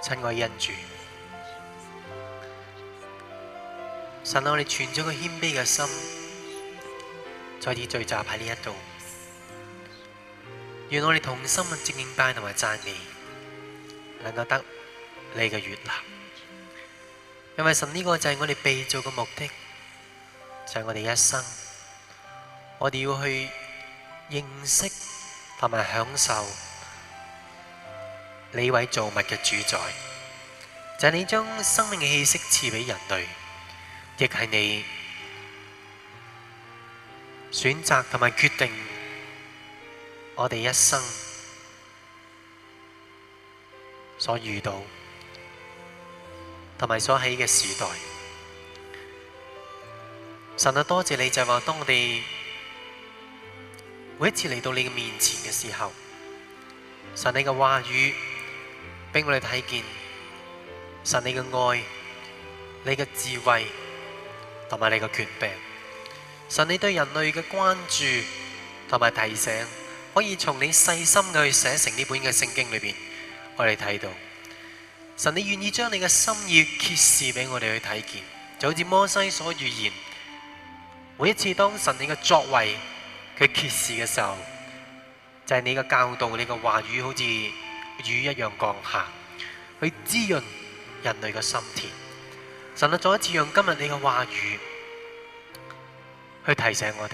親愛恩主，神我哋存咗個謙卑嘅心，再次聚集喺呢一度，願我哋同心嘅敬拜同埋讚美，能夠得你嘅悅納。因為神呢個就係我哋被造嘅目的，就係、是、我哋一生，我哋要去認識同埋享受。你為造物嘅主宰，就係、是、你將生命嘅氣息賜畀人類，亦係你選擇同埋決定我哋一生所遇到同埋所喺嘅時代。神啊，多謝你就係話、是，當我哋每一次嚟到你嘅面前嘅時候，神你嘅話語。俾我哋睇見神你嘅愛、你嘅智慧同埋你嘅權柄，神你對人類嘅關注同埋提醒，可以從你細心去寫成呢本嘅聖經裏邊，我哋睇到神你願意將你嘅心意揭示俾我哋去睇見，就好似摩西所預言。每一次當神你嘅作為佢揭示嘅時候，就係你嘅教導，你嘅話語好似。雨一樣降下，去滋潤人類嘅心田。神你再一次用今日你嘅話語去提醒我哋，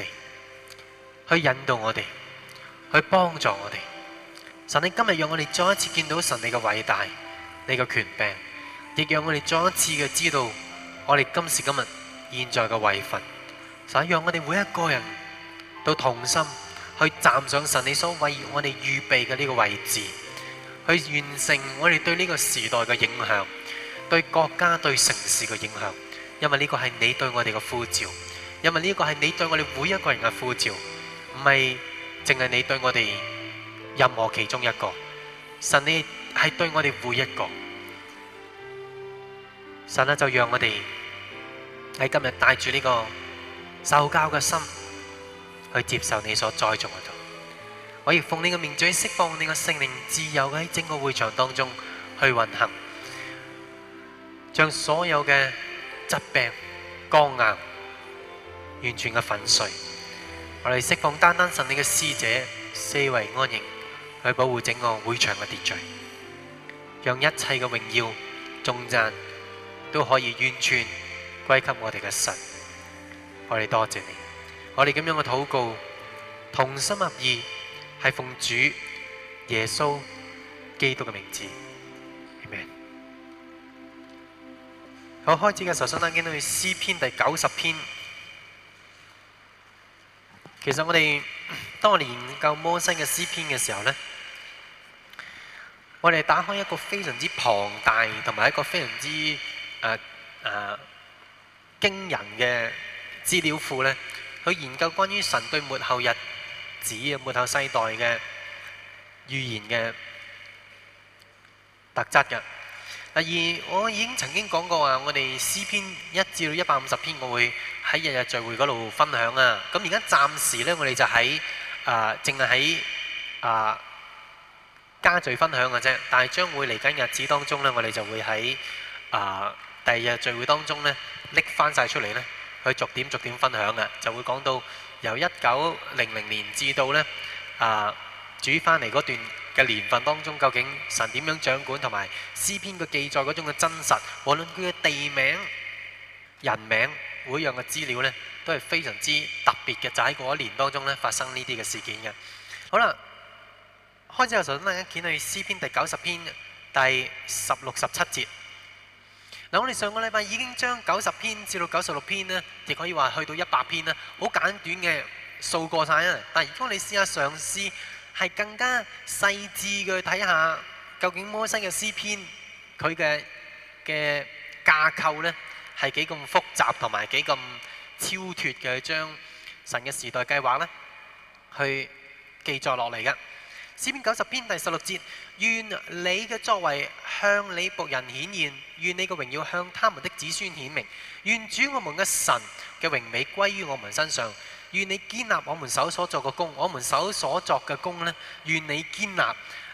去引導我哋，去幫助我哋。神你今日讓我哋再一次見到神你嘅偉大，你嘅權柄，亦讓我哋再一次嘅知道我哋今時今日現在嘅位份。神讓我哋每一個人都同心去站上神你所為我哋預備嘅呢個位置。去完成我哋對呢個時代嘅影響，對國家、對城市嘅影響。因為呢個係你對我哋嘅呼召，因為呢個係你對我哋每一個人嘅呼召，唔係淨係你對我哋任何其中一個。神你係對我哋每一個，神啊，就讓我哋喺今日帶住呢個受教嘅心去接受你所栽種嘅。我亦奉你嘅名，最釋放你嘅聖靈自由喺整個會場當中去運行，將所有嘅疾病、肝癌完全嘅粉碎。我哋釋放單單信你嘅使者四圍安營，去保護整個會場嘅秩序，讓一切嘅榮耀、頌讚都可以完全歸給我哋嘅神。我哋多謝你，我哋咁樣嘅禱告，同心合意。係奉主耶穌基督嘅名字，阿們。好，開始嘅時候，首先見到去詩篇第九十篇。其實我哋當年研究摩西嘅詩篇嘅時候咧，我哋打開一個非常之龐大，同埋一個非常之誒誒、啊啊、驚人嘅資料庫咧，去研究關於神對末後日子啊，末後世代嘅預言嘅特質嘅。第二，我已經曾經講過話，我哋詩篇一至到一百五十篇，我會喺日日聚會嗰度分享啊。咁而家暫時咧，我哋就喺啊，淨係喺啊家聚分享嘅啫。但係將會嚟緊日子當中咧，我哋就會喺啊第二日聚會當中咧，拎翻晒出嚟咧，去逐點逐點分享啊，就會講到。由一九零零年至到咧啊，煮翻嚟嗰段嘅年份當中，究竟神點樣掌管，同埋詩篇嘅記載嗰種嘅真實，無論佢嘅地名、人名、每樣嘅資料咧，都係非常之特別嘅。就喺、是、嗰一年當中咧，發生呢啲嘅事件嘅。好啦，開始嘅時候大家揾一卷去詩篇第九十篇第十六十七節。咁我哋上個禮拜已經將九十篇至到九十六篇呢，亦可以話去到一百篇咧，好簡短嘅，數過晒啦。但如果你試下嘗試係更加細緻嘅睇下，究竟摩西嘅詩篇佢嘅嘅架構呢係幾咁複雜同埋幾咁超脫嘅將神嘅時代計劃呢去記載落嚟㗎。詩篇九十篇第十六節，願你嘅作為向你僕人顯現，願你嘅榮耀向他們的子孫顯明，願主我們嘅神嘅榮美歸於我們身上，願你建立我們手所作嘅功。」我們手所作嘅功呢，願你建立。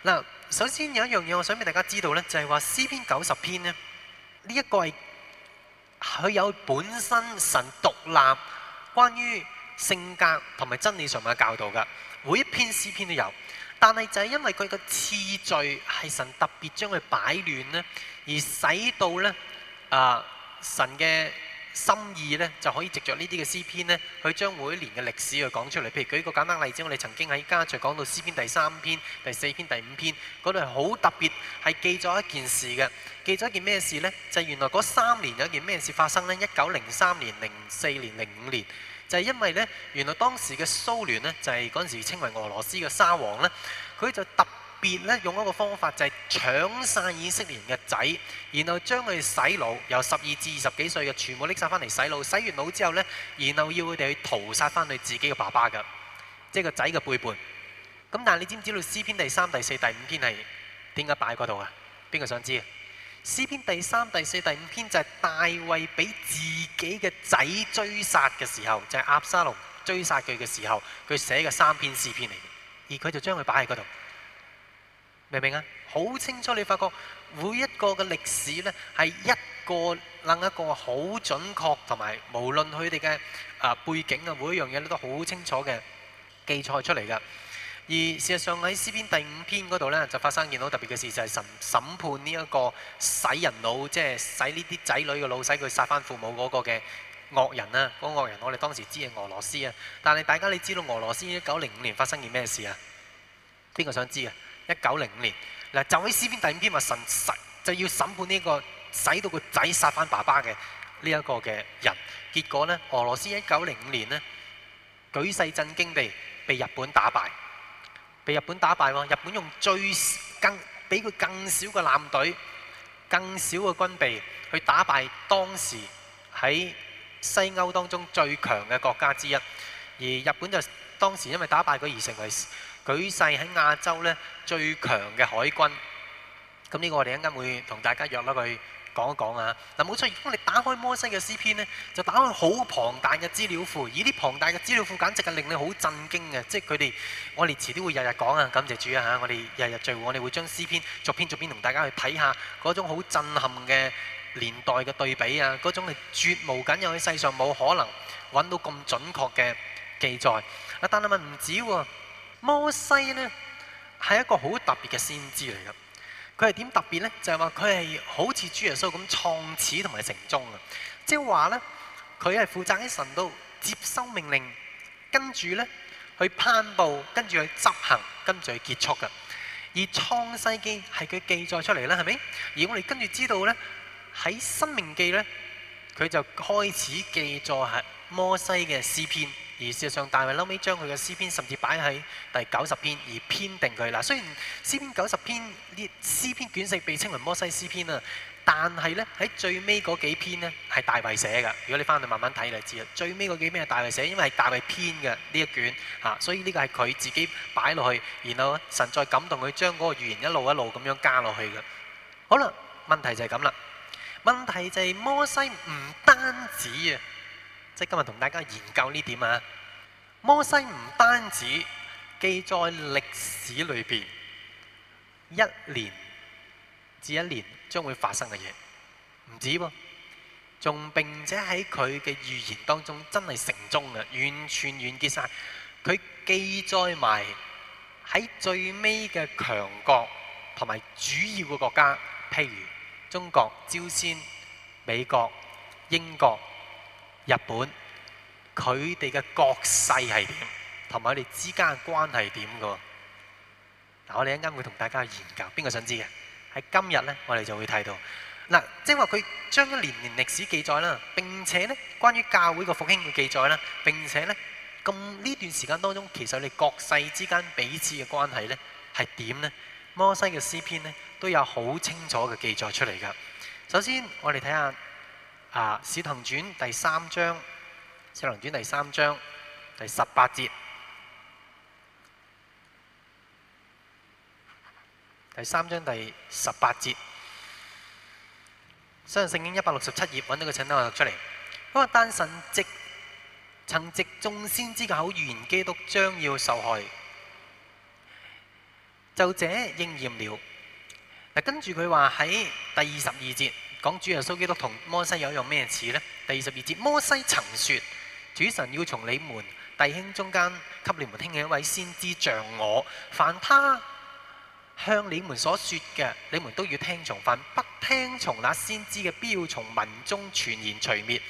嗱，首先有一樣嘢，我想俾大家知道呢，就係話詩篇九十篇呢，呢一個係佢有本身神獨立關於性格同埋真理上面嘅教導噶，每一篇詩篇都有。但係就係因為佢個次序係神特別將佢擺亂呢，而使到呢啊神嘅心意呢，就可以藉着呢啲嘅詩篇呢，去將每一年嘅歷史去講出嚟。譬如舉一個簡單例子，我哋曾經喺家聚講到詩篇第三篇、第四篇、第五篇嗰度，係好特別係記咗一件事嘅，記咗一件咩事呢？就係原來嗰三年有件咩事發生呢？一九零三年、零四年、零五年。就係因為呢，原來當時嘅蘇聯呢，就係嗰陣時稱為俄羅斯嘅沙皇呢。佢就特別呢，用一個方法，就係、是、搶晒以色列人嘅仔，然後將佢洗腦，由十二至二十幾歲嘅全部拎晒翻嚟洗腦，洗完腦之後呢，然後要佢哋去屠殺翻佢自己嘅爸爸㗎，即係個仔嘅背叛。咁但係你知唔知道詩篇第三、第四、第五篇係點解擺嗰度啊？邊個想知啊？詩篇第三、第四、第五篇就係大衛俾自己嘅仔追殺嘅時候，就係押沙龍追殺佢嘅時候，佢寫嘅三篇詩篇嚟嘅，而佢就將佢擺喺嗰度，明唔明啊？好清楚，你發覺每一個嘅歷史呢，係一個掕一個好準確，同埋無論佢哋嘅背景啊，每一樣嘢都好清楚嘅記載出嚟㗎。而事實上喺《詩篇》第五篇嗰度呢，就發生件好特別嘅事就係審，就係審判呢一個洗人腦，即係洗呢啲仔女嘅腦，洗佢殺翻父母嗰個嘅惡人啊。嗰個惡人我哋當時知係俄羅斯啊。但係大家你知道俄羅斯一九零五年發生件咩事啊？邊個想知啊？一九零五年嗱，就喺《詩篇》第五篇話神審就要審判呢、這個使到殺的個仔殺翻爸爸嘅呢一個嘅人。結果呢，俄羅斯一九零五年咧舉世震驚地被日本打敗。日本打敗，日本用最更俾佢更少嘅艦隊，更少嘅軍備去打敗當時喺西歐當中最強嘅國家之一，而日本就當時因為打敗佢而成為舉世喺亞洲呢最強嘅海軍。咁呢個我哋一陣會同大家約咗佢。講一講啊！嗱，冇錯，如果你打開摩西嘅詩篇呢，就打開好龐大嘅資料庫。而啲龐大嘅資料庫，簡直係令你好震驚嘅。即係佢哋，我哋遲啲會日日講啊！感謝主啊！嚇，我哋日日聚會，我哋會將詩篇逐篇逐篇同大家去睇下嗰種好震撼嘅年代嘅對比啊！嗰種係絕無僅有，喺世上冇可能揾到咁準確嘅記載。啊，但係咪唔止喎，摩西呢，係一個好特別嘅先知嚟嘅。佢係點特別呢？就係話佢係好似主耶穌咁創始同埋成終嘅，即係話呢佢係負責喺神度接收命令，跟住呢去頒佈，跟住去執行，跟住去結束嘅。而創世記係佢記載出嚟啦，係咪？而我哋跟住知道呢，喺申命記呢，佢就開始記載係摩西嘅詩篇。而事實上，大衛撈尾將佢嘅詩篇，甚至擺喺第九十篇而編定佢喇。雖然詩篇九十篇呢詩篇卷四被稱為摩西詩篇啊，但係咧，喺最尾嗰幾篇咧係大衛寫㗎。如果你翻去慢慢睇，你就知啦。最尾嗰幾篇係大衛寫，因為係大衛編嘅呢一卷嚇，所以呢個係佢自己擺落去，然後神再感動佢將嗰個預言一路一路咁樣加落去㗎。好啦，問題就係咁啦。問題就係摩西唔單止啊，即係今日同大家研究呢點啊。摩西唔單止記載歷史裏邊一年至一年將會發生嘅嘢，唔止喎，仲並且喺佢嘅預言當中真係成真嘅，完全完結晒。佢記載埋喺最尾嘅強國同埋主要嘅國家，譬如中國、朝鮮、美國、英國、日本。佢哋嘅國勢係點，同埋佢哋之間嘅關係係點嘅？嗱，我哋一陣會同大家研究，邊個想知嘅？喺今日咧，我哋就會睇到。嗱，即係話佢將一年年歷史記載啦，並且咧關於教會個復興嘅記載啦，並且咧咁呢段時間當中，其實佢哋國勢之間彼此嘅關係咧係點咧？摩西嘅詩篇咧都有好清楚嘅記載出嚟㗎。首先，我哋睇下啊《使徒傳》第三章。《舊約》第三章第十八節，第三章第十八節，相信聖經一百六十七頁揾到個清單我讀出嚟。因為單神積、曾藉眾先知口預言基督將要受害，就這應驗了。嗱，跟住佢話喺第二十二節講主耶穌基督同摩西有用咩詞呢？第二十二節，摩西曾說。主神要從你們弟兄中間給你們興起一位先知像我，凡他向你們所説嘅，你們都要聽從，凡不聽從那先知嘅，必要從民中全然除滅。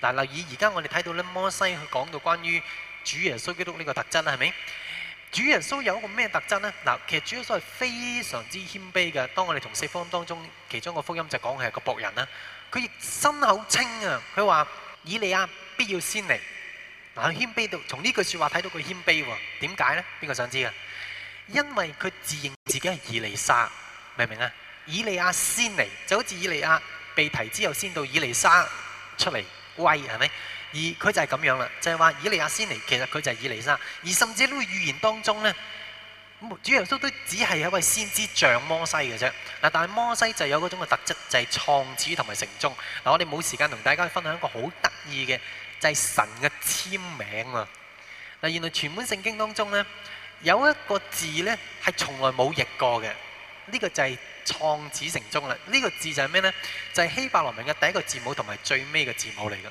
嗱，留意而家我哋睇到呢摩西去講到關於主耶穌基督呢個特質啦，係咪？主耶穌有一個咩特質呢？嗱，其實主耶穌係非常之謙卑嘅。當我哋從四福音當中其中個福音就是講係個僕人啦，佢亦心口清他說以你啊。佢話以利亞。必要先嚟，嗱，佢謙卑到，從呢句説話睇到佢謙卑喎。點解呢？邊個想知啊？因為佢自認自己係以利沙，明唔明啊？以利亞先嚟，就好似以利亞被提之後先到以利沙出嚟喂，係咪？而佢就係咁樣啦，就係話以利亞先嚟，其實佢就係以利沙，而甚至喺預言當中呢，主耶穌都只係一位先知像摩西嘅啫。嗱，但係摩西就有嗰種嘅特質，就係創始同埋成終。嗱，我哋冇時間同大家分享一個好得意嘅。就係神嘅簽名啊！嗱，原來全本聖經當中咧有一個字咧係從來冇譯過嘅，呢、這個就係創始成終啦。呢、這個字就係咩咧？就係、是、希伯羅文嘅第一個字母同埋最尾嘅字母嚟嘅。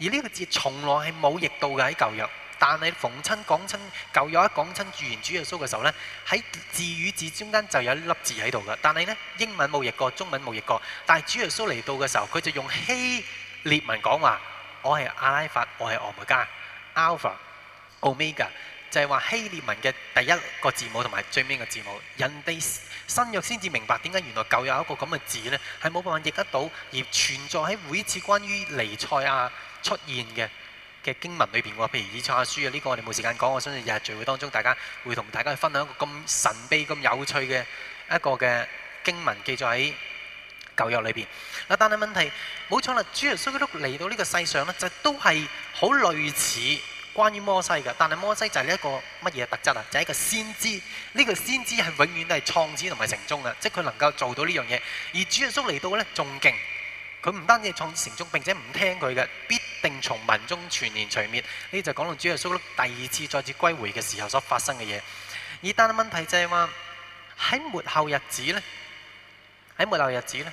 而呢個字從來係冇譯到嘅喺舊約，但係逢親講親舊約一講親主耶穌嘅時候咧，喺字與字中間就有一粒字喺度嘅。但係咧英文冇譯過，中文冇譯過，但係主耶穌嚟到嘅時候，佢就用希列文講話。我係阿拉法，我係俄梅加，Alpha, Omega，就係話希臘文嘅第一個字母同埋最尾個字母。人哋新約先至明白點解原來舊約有一個咁嘅字呢，係冇辦法譯得到，而存在喺每次關於尼賽亞出現嘅嘅經文裏邊喎。譬如以賽亞書啊，呢、這個我哋冇時間講。我相信日日聚會當中，大家會同大家分享一個咁神秘、咁有趣嘅一個嘅經文，記載喺舊約裏邊。但係問題冇錯啦，主耶穌都嚟到呢個世上咧，就都係好類似關於摩西嘅。但係摩西就係一個乜嘢特質啊？就係、是、一個先知。呢、這個先知係永遠都係創始同埋成終嘅，即係佢能夠做到呢樣嘢。而主耶穌嚟到咧，仲勁。佢唔單止係創始成終，並且唔聽佢嘅，必定從民中全然除滅。呢就講到主耶穌第二次再次歸回嘅時候所發生嘅嘢。而但係問題就係話喺末後日子咧，喺末後日子咧。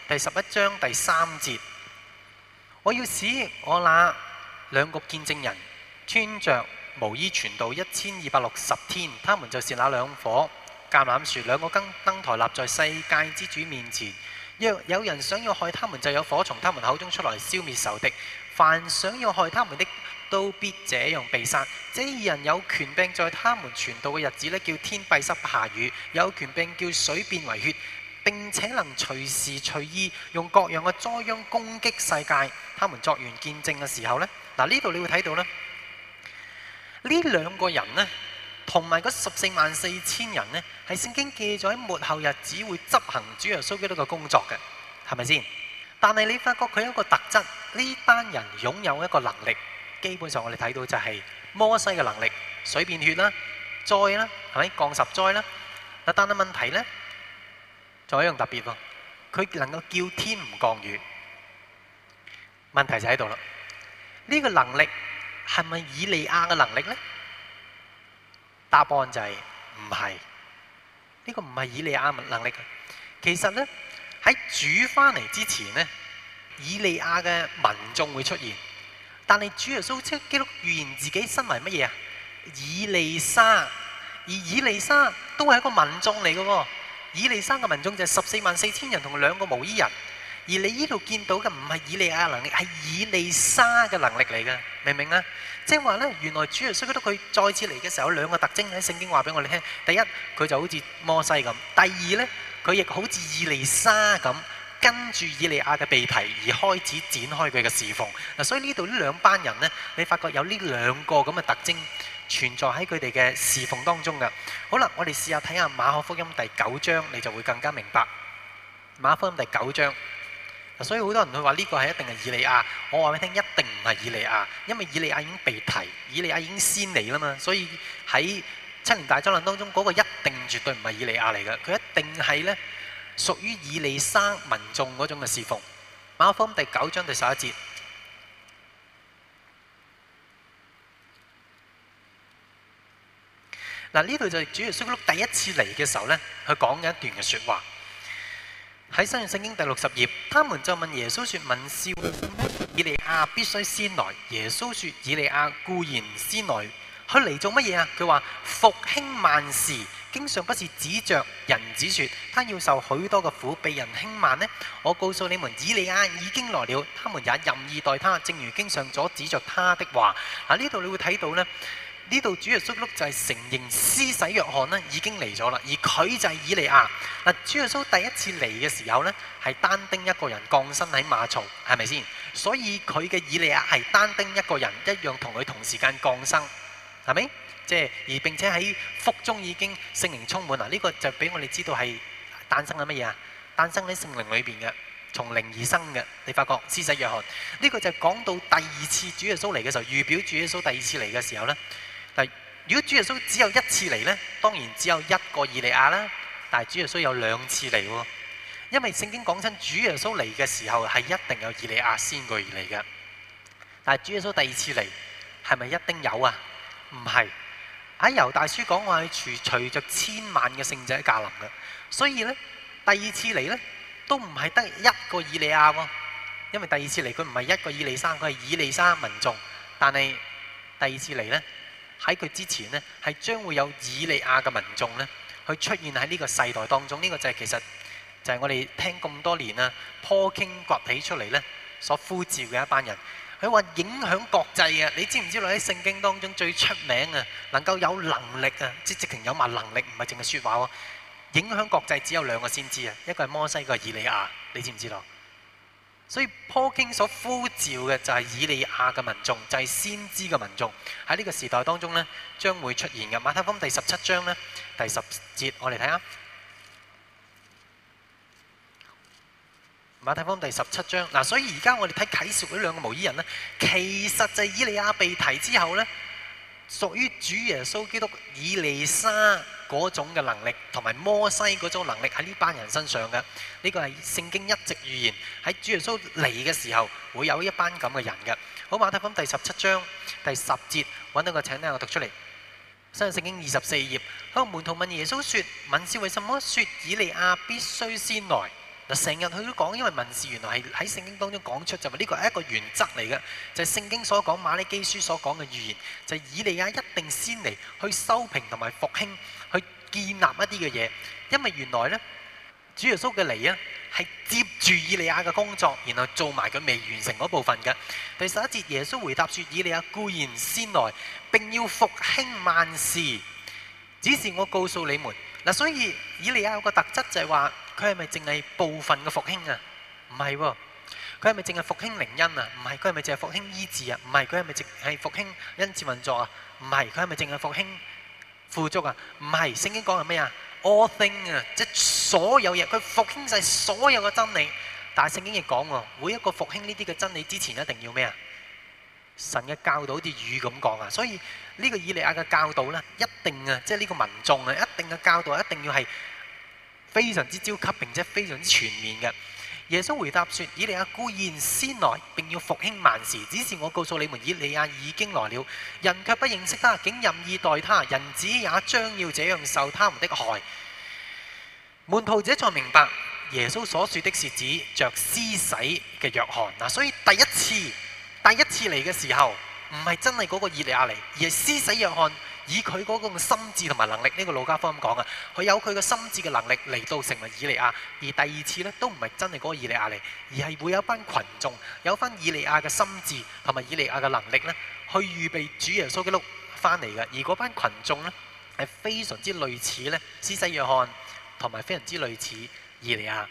第十一章第三節，我要使我那兩個見證人穿着毛衣傳道一千二百六十天，他們就是那兩顆橄欖樹，兩個燈台立在世界之主面前。若有人想要害他們，就有火從他們口中出來，消滅仇敵。凡想要害他們的，都必這樣被殺。這二人有權柄，在他們傳道嘅日子呢，叫天閉塞不下雨，有權柄叫水變為血。並且能隨時隨意用各樣嘅災殃攻擊世界，他們作完見證嘅時候呢，嗱呢度你會睇到呢，呢兩個人呢，同埋嗰十四萬四千人呢，係聖經記載喺末後日子會執行主耶穌基督嘅工作嘅，係咪先？但係你發覺佢有一個特質，呢班人擁有一個能力，基本上我哋睇到就係摩西嘅能力，水變血啦，災啦，係咪降十災啦？嗱，但係問題呢。仲有一樣特別喎，佢能夠叫天唔降雨。問題就喺度啦，呢、這個能力係咪以利亞嘅能力呢？答案就係唔係，呢、這個唔係以利亞能力。其實咧，喺主翻嚟之前咧，以利亞嘅民眾會出現。但係主耶穌即基督預言自己身為乜嘢啊？以利沙，而以利沙都係一個民眾嚟嘅喎。以利沙嘅民眾就係十四萬四千人同兩個無依人，而你呢度見到嘅唔係以利亞的能力，係以利沙嘅能力嚟嘅，明唔明啊？即係話呢，原來主耶穌基督佢再次嚟嘅時候，有兩個特徵喺聖經話俾我哋聽。第一，佢就好似摩西咁；第二呢，佢亦好似以利沙咁，跟住以利亞嘅被提而開始展開佢嘅侍奉。嗱，所以呢度呢兩班人呢，你發覺有呢兩個咁嘅特徵。存在喺佢哋嘅侍奉當中㗎。好啦，我哋試下睇下馬可福音第九章，你就會更加明白。馬可福音第九章，所以好多人會話呢個係一定係以利亞。我話俾你聽，一定唔係以利亞，因為以利亞已經被提，以利亞已經先嚟啦嘛。所以喺七年大災難當中，嗰個一定絕對唔係以利亞嚟嘅，佢一定係呢屬於以利沙民眾嗰種嘅侍奉。馬可福音第九章第十一節。嗱，呢度就係主耶穌第一次嚟嘅時候呢，佢講嘅一段嘅説話，喺新約聖經第六十頁，他們就問耶穌說：文士以利亞必須先來。耶穌說：以利亞固然先來，佢嚟做乜嘢啊？佢話復興萬事，經常不是指着人子説，他要受許多嘅苦，被人輕慢呢？我告訴你們，以利亞已經來了，他們也任意待他，正如經常所指着他的話。嗱，呢度你會睇到呢。呢度主耶穌就係承認施洗約翰呢已經嚟咗啦，而佢就係以利亞。嗱，主耶穌第一次嚟嘅時候呢，係單丁一個人降生喺馬槽，係咪先？所以佢嘅以利亞係單丁一個人一樣同佢同時間降生，係咪？即係而並且喺腹中已經聖靈充滿。嗱，呢個就俾我哋知道係誕生緊乜嘢啊？誕生喺聖靈裏邊嘅，從靈而生嘅。你發覺施洗約翰呢個就講到第二次主耶穌嚟嘅時候，預表主耶穌第二次嚟嘅時候呢。如果主耶穌只有一次嚟呢，當然只有一個以利亞啦。但係主耶穌有兩次嚟，因為聖經講親主耶穌嚟嘅時候係一定有以利亞先佢而嚟嘅。但係主耶穌第二次嚟係咪一定有啊？唔係喺猶大書講話，隨隨着千萬嘅聖者駕臨嘅。所以呢，第二次嚟呢，都唔係得一個以利亞，因為第二次嚟佢唔係一個以利沙，佢係以利沙民眾。但係第二次嚟呢。喺佢之前咧，係將會有以利亞嘅民眾咧，去出現喺呢個世代當中。呢個就係其實就係我哋聽咁多年啊，坡傾崛起出嚟咧，所呼召嘅一班人。佢話影響國際啊！你知唔知道喺聖經當中最出名啊，能夠有能力啊，即直情有埋能力，唔係淨係説話喎。影響國際只有兩個先知啊，一個係摩西，一個係以利亞。你知唔知道？所以坡京所呼召嘅就係以利亞嘅民眾，就係、是、先知嘅民眾喺呢個時代當中呢，將會出現嘅。馬太福音第十七章呢，第十節，我哋睇下馬太福音第十七章嗱，所以而家我哋睇啟示嗰兩個毛衣人呢，其實就係以利亞被提之後呢，屬於主耶穌基督以利沙。嗰種嘅能力同埋摩西嗰種能力喺呢班人身上嘅，呢個係聖經一直預言喺主耶穌嚟嘅時候會有一班咁嘅人嘅。好，馬太福音第十七章第十節揾到個，請聽我讀出嚟。新聖經二十四頁，嗰個門徒問耶穌說，文士為什麼說以利亞必須先來？嗱，成日佢都講，因為文士原來係喺聖經當中講出就話呢個係一個原則嚟嘅，就係聖經所講馬利基書所講嘅預言，就係以利亞一定先嚟去修平同埋復興。建立一啲嘅嘢，因為原來咧，主耶穌嘅嚟啊，係接住以利亞嘅工作，然後做埋佢未完成嗰部分嘅。第十一節，耶穌回答說：以利亞固然先來，並要復興萬事。只是我告訴你們，嗱，所以以利亞有個特質就係話，佢係咪淨係部分嘅復興啊？唔係喎，佢係咪淨係復興靈恩啊？唔係，佢係咪淨係復興醫治啊？唔係，佢係咪淨係復興恩賜運作啊？唔係，佢係咪淨係復興富足啊，唔係聖經講係咩啊？All thing 啊，即係所有嘢，佢復興晒所有嘅真理。但係聖經亦講喎，每一個復興呢啲嘅真理之前，一定要咩啊？神嘅教導好似雨咁講啊，所以呢個以利亞嘅教導咧，一定啊，即係呢個民眾啊，一定嘅教導一定要係非常之焦級，並且非常之全面嘅。耶穌回答說：以利亞固然先來，並要復興萬事，只是我告訴你們，以利亞已經來了，人卻不認識他，竟任意待他。人子也將要這樣受他們的害。門徒這才明白耶穌所說的是指着施洗嘅約翰嗱，所以第一次，第一次嚟嘅時候，唔係真係嗰個以利亞嚟，而係施洗約翰。以佢嗰個心智同埋能力，呢、這個老家方咁講啊，佢有佢嘅心智嘅能力嚟到成為以利亞，而第二次呢，都唔係真係嗰個以利亞嚟，而係會有班群眾有翻以利亞嘅心智同埋以利亞嘅能力呢，去預備主耶穌基督翻嚟嘅，而嗰班群眾呢，係非常之類似呢，施洗約翰同埋非常之類似以利亞，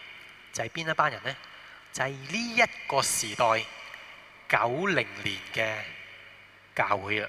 就係、是、邊一班人呢？就係呢一個時代九零年嘅教會啦。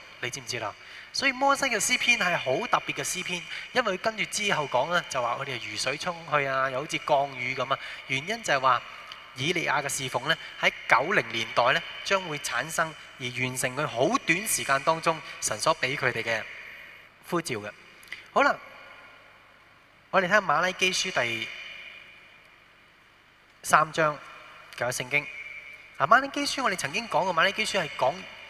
你知唔知啦？所以摩西嘅詩篇係好特別嘅詩篇，因為佢跟住之後講咧，就話佢哋如水沖去啊，又好似降雨咁啊。原因就係話以利亞嘅侍奉咧，喺九零年代咧將會產生而完成佢好短時間當中神所俾佢哋嘅呼召嘅。好啦，我哋睇下馬拉基書第三章嘅聖經。啊，馬拉基書我哋曾經講過，馬拉基書係講。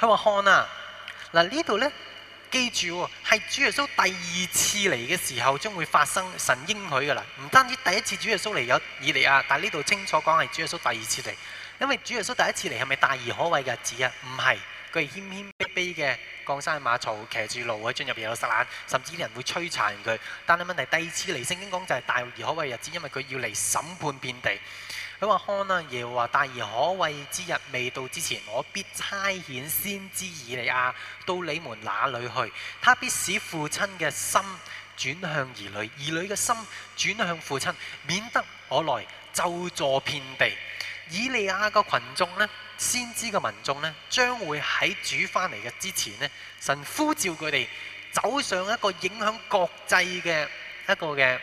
佢話看啊，嗱呢度咧記住喎，係主耶穌第二次嚟嘅時候將會發生神應許嘅啦，唔單止第一次主耶穌嚟有以利亞，但係呢度清楚講係主耶穌第二次嚟，因為主耶穌第一次嚟係咪大而可畏嘅日子啊？唔係，佢係謙謙卑卑嘅降山馬槽，騎住驢去進入耶路撒冷，甚至人會摧殘佢。但係問題第二次嚟聖經講就係大而可畏嘅日子，因為佢要嚟審判遍地。佢話看哪，耶和華大而可畏之日未到之前，我必差遣先知以利亞到你們那裏去。他必使父親嘅心轉向兒女，兒女嘅心轉向父親，免得我來咒詛遍地。以利亞個群眾呢，先知嘅民眾呢，將會喺主翻嚟嘅之前呢，神呼召佢哋走上一個影響國際嘅一個嘅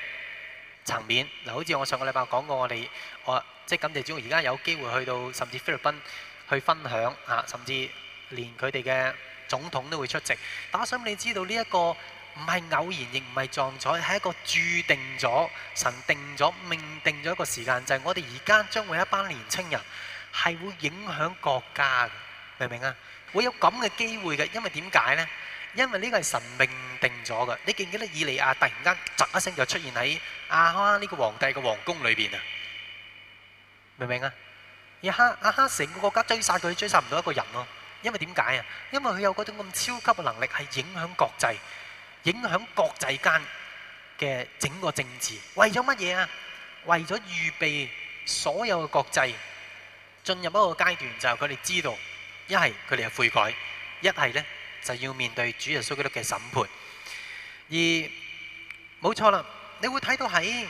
層面。嗱，好似我上個禮拜講過我，我哋我。即係咁，哋只要而家有機會去到甚至菲律賓去分享啊，甚至連佢哋嘅總統都會出席。但我想你知道呢一個唔係偶然亦唔係撞彩，係一個註定咗、神定咗、命定咗一個時間，就係我哋而家將會有一班年青人係會影響國家嘅，明唔明啊？會有咁嘅機會嘅，因為點解呢？因為呢個係神命定咗嘅。你記唔記得以利亞突然間一聲就出現喺亞哈呢個皇帝嘅皇宮裏邊啊？明唔明啊？而哈阿哈成個國家追殺佢，追殺唔到一個人咯。因為點解啊？因為佢有嗰種咁超級嘅能力，係影響國際、影響國際間嘅整個政治。為咗乜嘢啊？為咗預備所有嘅國際進入一個階段，就係佢哋知道，一係佢哋係悔改，一係咧就要面對主耶穌基督嘅審判。而冇錯啦，你會睇到喺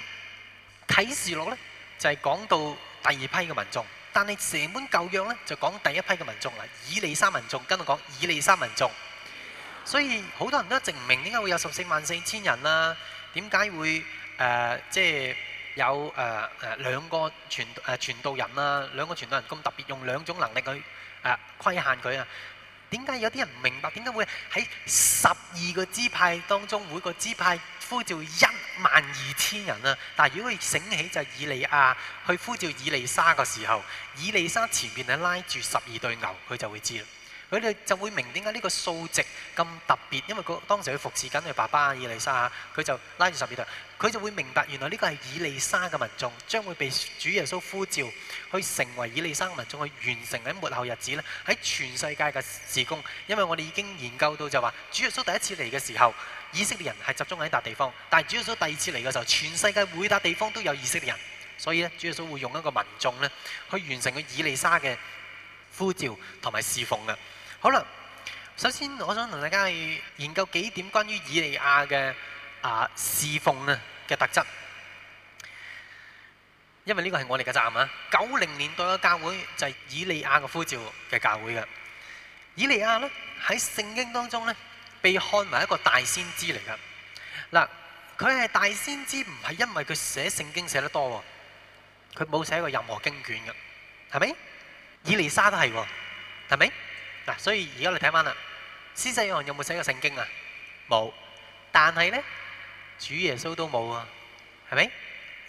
啟示錄咧，就係講到。第二批嘅民眾，但係成本舊約咧就講第一批嘅民眾啦，以利三民眾，跟住講以利三民眾。所以好多人都一直唔明點解會有十四萬四千人啦，點解會誒即係有誒誒兩個傳誒傳道人啊，兩個傳道人咁特別用兩種能力去誒規限佢啊？點解有啲人唔明白點解會喺十二個支派當中每個支派呼召一萬二千人啊！但係如果佢醒起就以利亞去呼召以利沙嘅時候，以利沙前面係拉住十二對牛，佢就會知啦。佢哋就會明點解呢個數值咁特別，因為佢當時佢服侍緊佢爸爸以利沙啊，佢就拉住十二對。佢就會明白原來呢個係以利沙嘅民眾將會被主耶穌呼召去成為以利沙嘅民眾去完成喺末後日子咧喺全世界嘅事工。因為我哋已經研究到就話，主耶穌第一次嚟嘅時候。以色列人係集中喺一笪地方，但係主耶穌第二次嚟嘅時候，全世界每笪地方都有以色列人，所以咧，主耶穌會用一個民眾咧，去完成個以利沙嘅呼召同埋侍奉嘅。好啦，首先我想同大家去研究幾點關於以利亞嘅啊侍奉啊嘅特質，因為呢個係我哋嘅責任啊，九零年代嘅教會就係以利亞嘅呼召嘅教會嘅。以利亞咧喺聖經當中咧。被看為一個大先知嚟噶，嗱佢係大先知唔係因為佢寫聖經寫得多，佢冇寫過任何經卷噶，係咪？以利沙都係喎，係咪？嗱，所以而家你睇翻啦，施洗約翰有冇寫過聖經啊？冇，但係咧，主耶穌都冇啊，係咪？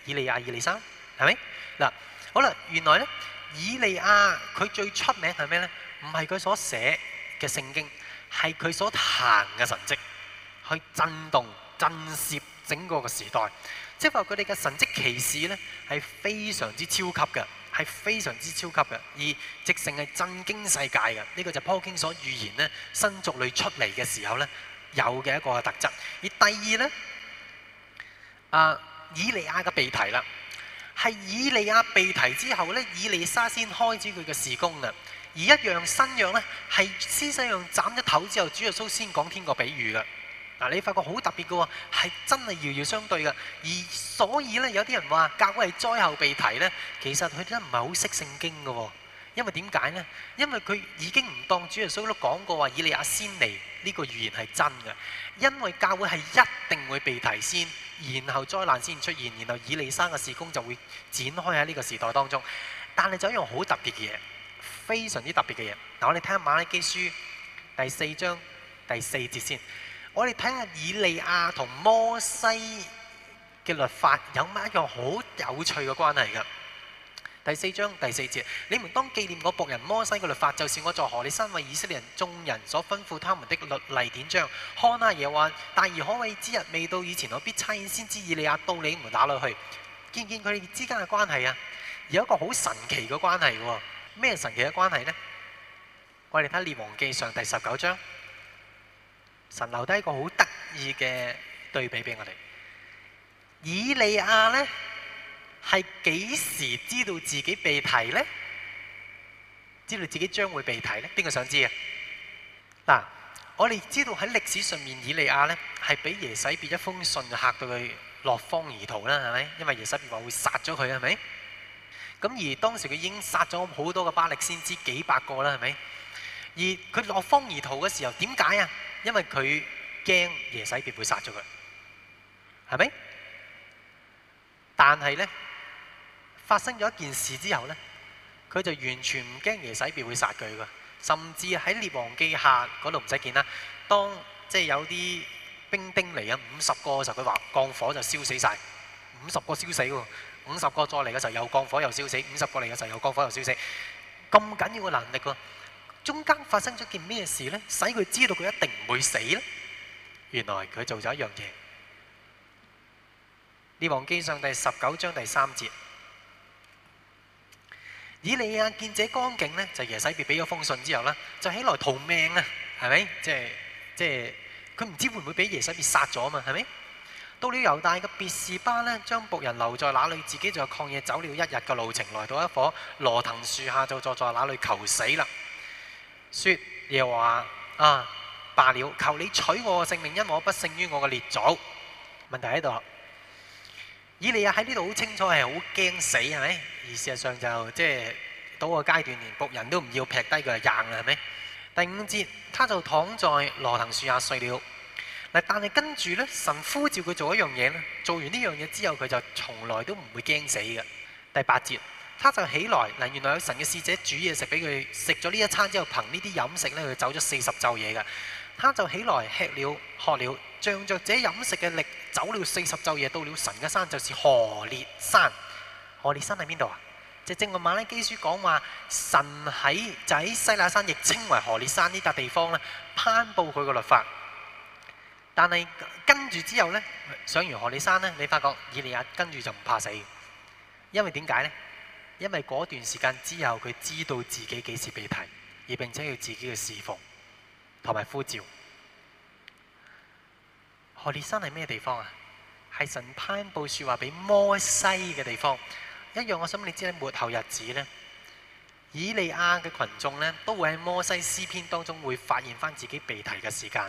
以利亞、以利沙，係咪？嗱，好啦，原來咧，以利亞佢最出名係咩咧？唔係佢所寫嘅聖經。係佢所行嘅神蹟，去震動、震懾整個嘅時代，即係話佢哋嘅神蹟奇事呢，係非常之超級嘅，係非常之超級嘅，而直成係震驚世界嘅。呢、這個就普京所預言呢新族類出嚟嘅時候呢，有嘅一個特質。而第二呢，啊，以利亞嘅被提啦，係以利亞被提之後呢，以利沙先開始佢嘅事工噶。而一樣新樣呢，係獅子樣斬咗頭之後，主耶穌先講天國比喻嘅。嗱，你發覺好特別嘅喎，係真係遙遙相對嘅。而所以呢，有啲人話教會係災後被提呢，其實佢真唔係好識聖經嘅喎。因為點解呢？因為佢已經唔當主耶穌都講過話，以利亞先嚟呢，這個預言係真嘅。因為教會係一定會被提先，然後災難先出現，然後以利沙嘅事工就會展開喺呢個時代當中。但係就一樣好特別嘅嘢。非常之特別嘅嘢，嗱，我哋睇下馬拉基書第四章第四節先。我哋睇下以利亞同摩西嘅律法有乜一樣好有趣嘅關係㗎？第四章第四節，你們當紀念我僕人摩西嘅律法，就是我在何利山為以色列人眾人所吩咐他們的律例典章。看啊，耶和華大而可畏之日未到以前，我必差遣先知以利亞到你們那裏去。見唔見佢哋之間嘅關係啊？有一個好神奇嘅關係喎。咩神奇嘅關係呢？我哋睇《列王記》上第十九章，神留低一個好得意嘅對比俾我哋。以利亞咧係幾時知道自己被提呢？知道自己將會被提呢？邊個想知啊？嗱，我哋知道喺歷史上面，以利亞咧係俾耶洗別一封信吓到佢落荒而逃啦，係咪？因為耶洗別話會殺咗佢，係咪？咁而當時佢已經殺咗好多個巴力先知，幾百個啦，係咪？而佢落荒而逃嘅時候，點解啊？因為佢驚耶洗別會殺咗佢，係咪？但係咧，發生咗一件事之後咧，佢就完全唔驚耶洗別會殺佢噶，甚至喺《列王記下》嗰度唔使見啦。當即係有啲兵丁嚟啊，五十個嘅時候，佢話降火就燒死曬，五十個燒死喎。五十個再嚟嘅時候又降火又燒死，五十個嚟嘅時候又降火又燒死，咁緊要嘅能力喎。中間發生咗件咩事咧？使佢知道佢一定唔會死咧？原來佢做咗一樣嘢，《列王記上》第十九章第三節，以利亞見者光景咧，就耶洗別俾咗封信之後啦，就起來逃命啊，係咪？即係即係，佢唔知會唔會俾耶洗別殺咗啊嘛，係咪？到了猶大嘅別是巴呢，將僕人留在那裏，自己就曠野走了一日嘅路程，來到一棵羅藤樹下就坐在那裏求死啦。說耶和華啊，罷了，求你取我嘅性命，因我不勝於我嘅列祖。問題喺度。以利亞喺呢度好清楚係好驚死係咪？而事實上就即、是、係到個階段，連僕人都唔要撇低佢，硬係咪？第五節，他就躺在羅藤樹下睡了。但係跟住咧，神呼召佢做一樣嘢咧。做完呢樣嘢之後，佢就從來都唔會驚死嘅。第八節，他就起來。嗱，原來有神嘅使者煮嘢食俾佢，食咗呢一餐之後，憑呢啲飲食咧，佢走咗四十晝夜嘅。他就起來，吃了喝了，仗著這飲食嘅力，走了四十晝夜，到了神嘅山，就是何烈山。何烈山喺邊度啊？就正個馬拉基書講話，神喺就喺西乃山，亦稱為何烈山呢笪地方咧，攀布佢個律法。但係跟住之後呢，上完荷里山呢，你發覺以利亞跟住就唔怕死，因為點解呢？因為嗰段時間之後，佢知道自己幾時被提，而並且要自己去侍奉同埋呼召。荷里山係咩地方啊？係神頒布説話俾摩西嘅地方。一樣，我想你知喺末後日子呢，以利亞嘅群眾呢，都會喺摩西詩篇當中會發現翻自己被提嘅時間。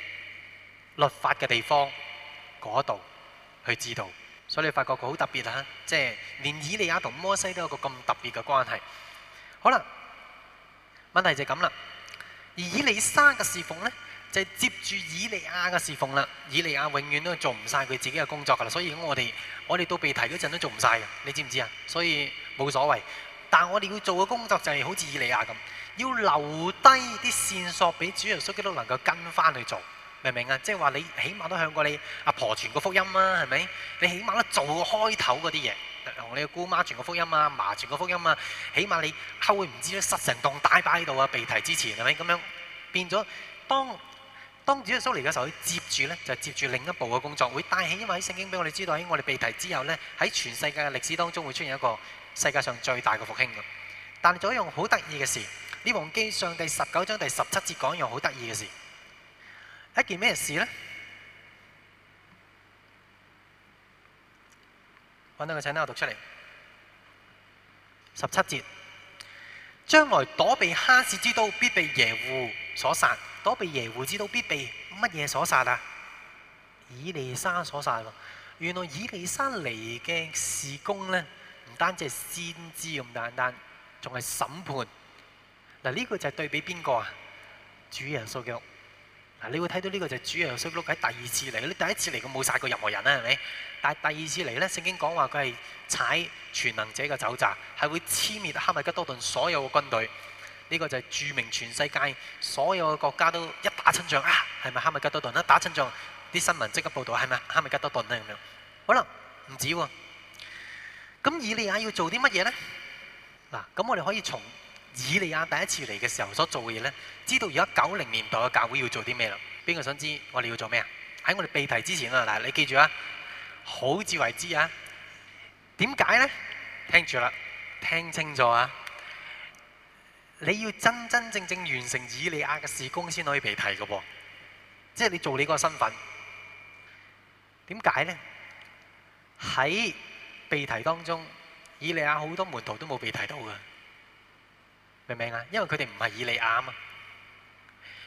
律法嘅地方嗰度去知道，所以你發覺佢好特別嚇，即係連以利亞同摩西都有個咁特別嘅關係。好啦，問題就係咁啦。而以利沙嘅侍奉咧，就係接住以利亞嘅侍奉啦。以利亞永遠都做唔晒佢自己嘅工作㗎啦，所以咁我哋我哋到被提嗰陣都做唔晒嘅，你知唔知啊？所以冇所謂。但我哋要做嘅工作就係好似以利亞咁，要留低啲線索俾主耶穌基督都能夠跟翻去做。明唔明啊？即係話你起碼都向過你阿婆傳個福音啊，係咪？你起碼都做個開頭嗰啲嘢，同你嘅姑媽傳個福音啊，嫲傳個福音啊，起碼你後會唔知咧，神神大擺喺度啊！被提之前係咪咁樣變咗？當當主耶穌嚟嘅時候，佢接住呢，就接住另一步嘅工作，會帶起一位聖經俾我哋知道，喺我哋被提之後呢，喺全世界嘅歷史當中會出現一個世界上最大嘅復興㗎。但係做一樣好得意嘅事，呢部《列王記》上第十九章第十七節講一樣好得意嘅事。係件咩事咧？揾到個冊啦，我讀出嚟。十七節，將來躲避哈士之刀必被耶戶所殺，躲避耶戶之刀必被乜嘢所殺啊？以利沙所殺。原來以利沙嚟嘅事工呢，唔單止係先知咁簡單，仲係審判。嗱、這、呢個就係對比邊個啊？主人所叫。嗱，你會睇到呢個就係主啊，蘇布魯喺第二次嚟。你第一次嚟佢冇殺過任何人啦，係咪？但係第二次嚟咧，聖經講話佢係踩全能者嘅走咋，係會殲滅哈米吉多頓所有嘅軍隊。呢個就係著名全世界所有嘅國家都一打親仗啊，係咪哈米吉多頓一打親仗，啲新聞即刻報導，係咪哈米吉多頓咧咁樣？可能唔止喎。咁以利亞要做啲乜嘢咧？嗱，咁我哋可以從。以利亞第一次嚟嘅時候所做嘅嘢呢，知道而家九零年代嘅教會要做啲咩啦？邊個想知？我哋要做咩啊？喺我哋被提之前啊，嗱，你記住啊，好自為之啊。點解呢？聽住啦，聽清楚啊！你要真真正正完成以利亞嘅事工先可以被提嘅噃，即係你做你個身份。點解呢？喺被提當中，以利亞好多門徒都冇被提到嘅。明唔明啊？因為佢哋唔係以利亞啊嘛，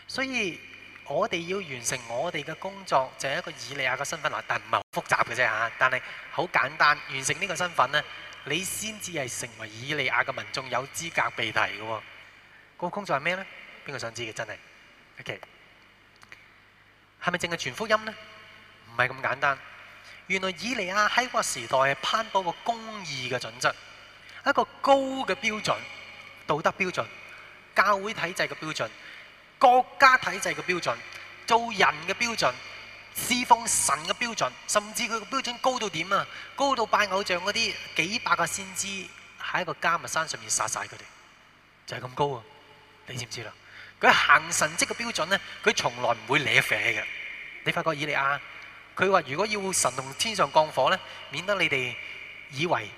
所以我哋要完成我哋嘅工作，就係一個以利亞嘅身份嚟，但唔係好複雜嘅啫吓，但係好簡單完成呢個身份咧，你先至係成為以利亞嘅民眾有資格被提嘅。個工作係咩咧？邊個想知嘅真係？O.K. 係咪淨係全福音呢？唔係咁簡單。原來以利亞喺個時代攀到個公義嘅準則，一個高嘅標準。道德標準、教會體制嘅標準、國家體制嘅標準、做人嘅標準、侍奉神嘅標準，甚至佢嘅標準高到點啊！高到拜偶像嗰啲幾百個先知喺一個迦密山上面殺晒佢哋，就係、是、咁高啊！你知唔知啦？佢行神蹟嘅標準咧，佢從來唔會攣啡嘅。你發覺以利亞，佢話如果要神同天上降火咧，免得你哋以為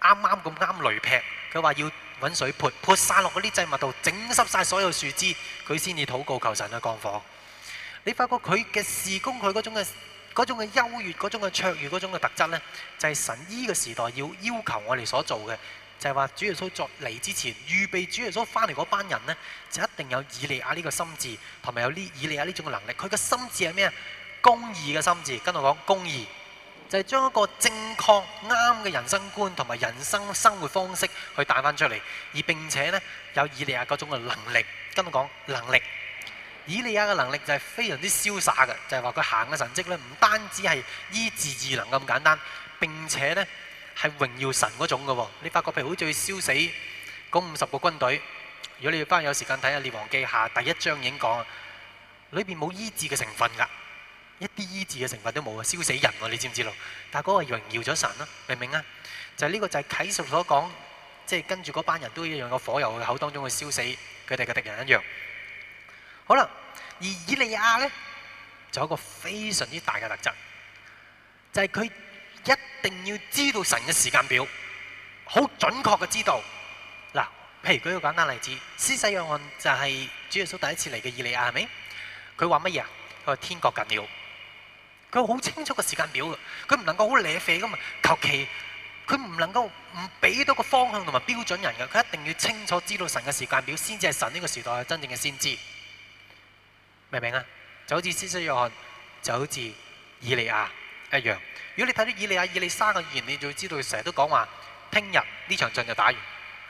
啱啱咁啱雷劈。佢話要。揾水潑潑晒落嗰啲祭物度，整濕晒所有樹枝，佢先至禱告求神去降火。你發覺佢嘅事工，佢嗰種嘅嗰種嘅優越，嗰種嘅卓越，嗰種嘅特質呢，就係神醫嘅時代要要求我哋所做嘅，就係話主耶穌再嚟之前，預備主耶穌翻嚟嗰班人呢，就一定有以利亞呢個心智，同埋有呢以利亞呢種嘅能力。佢嘅心智係咩？公義嘅心智，跟我講公義。就係將一個正確啱嘅人生觀同埋人生生活方式去帶翻出嚟，而並且呢，有以利亞嗰種嘅能力，今日講能力。以利亞嘅能力就係非常之瀟灑嘅，就係話佢行嘅神蹟呢，唔單止係醫治異能咁簡單，並且呢係榮耀神嗰種嘅喎。你發覺譬如好似要燒死嗰五十個軍隊，如果你翻去有時間睇下《列王記下》下第一章已經講，裏邊冇醫治嘅成分㗎。一啲醫治嘅成分都冇啊，燒死人喎！你知唔知道？但係嗰個榮耀咗神咯，明唔明啊？就係呢個就係啟示所講，即係跟住嗰班人都一樣，個火由佢口當中去燒死佢哋嘅敵人一樣。好啦，而以利亞咧，就有一個非常之大嘅特質，就係佢一定要知道神嘅時間表，好準確嘅知道。嗱，譬如舉個簡單例子，施洗約翰就係主耶穌第一次嚟嘅以利亞，係咪？佢話乜嘢啊？佢話天國近了。佢好清楚個時間表㗎，佢唔能夠好兒戲咁啊！求其，佢唔能夠唔俾到個方向同埋標準人㗎，佢一定要清楚知道神嘅時間表先至係神呢個時代的真正嘅先知，明唔明啊？就好似施洗約翰，就好似以利亞一樣。如果你睇到以利亞、以利沙嘅言，你就會知道佢成日都講話：聽日呢場仗就打完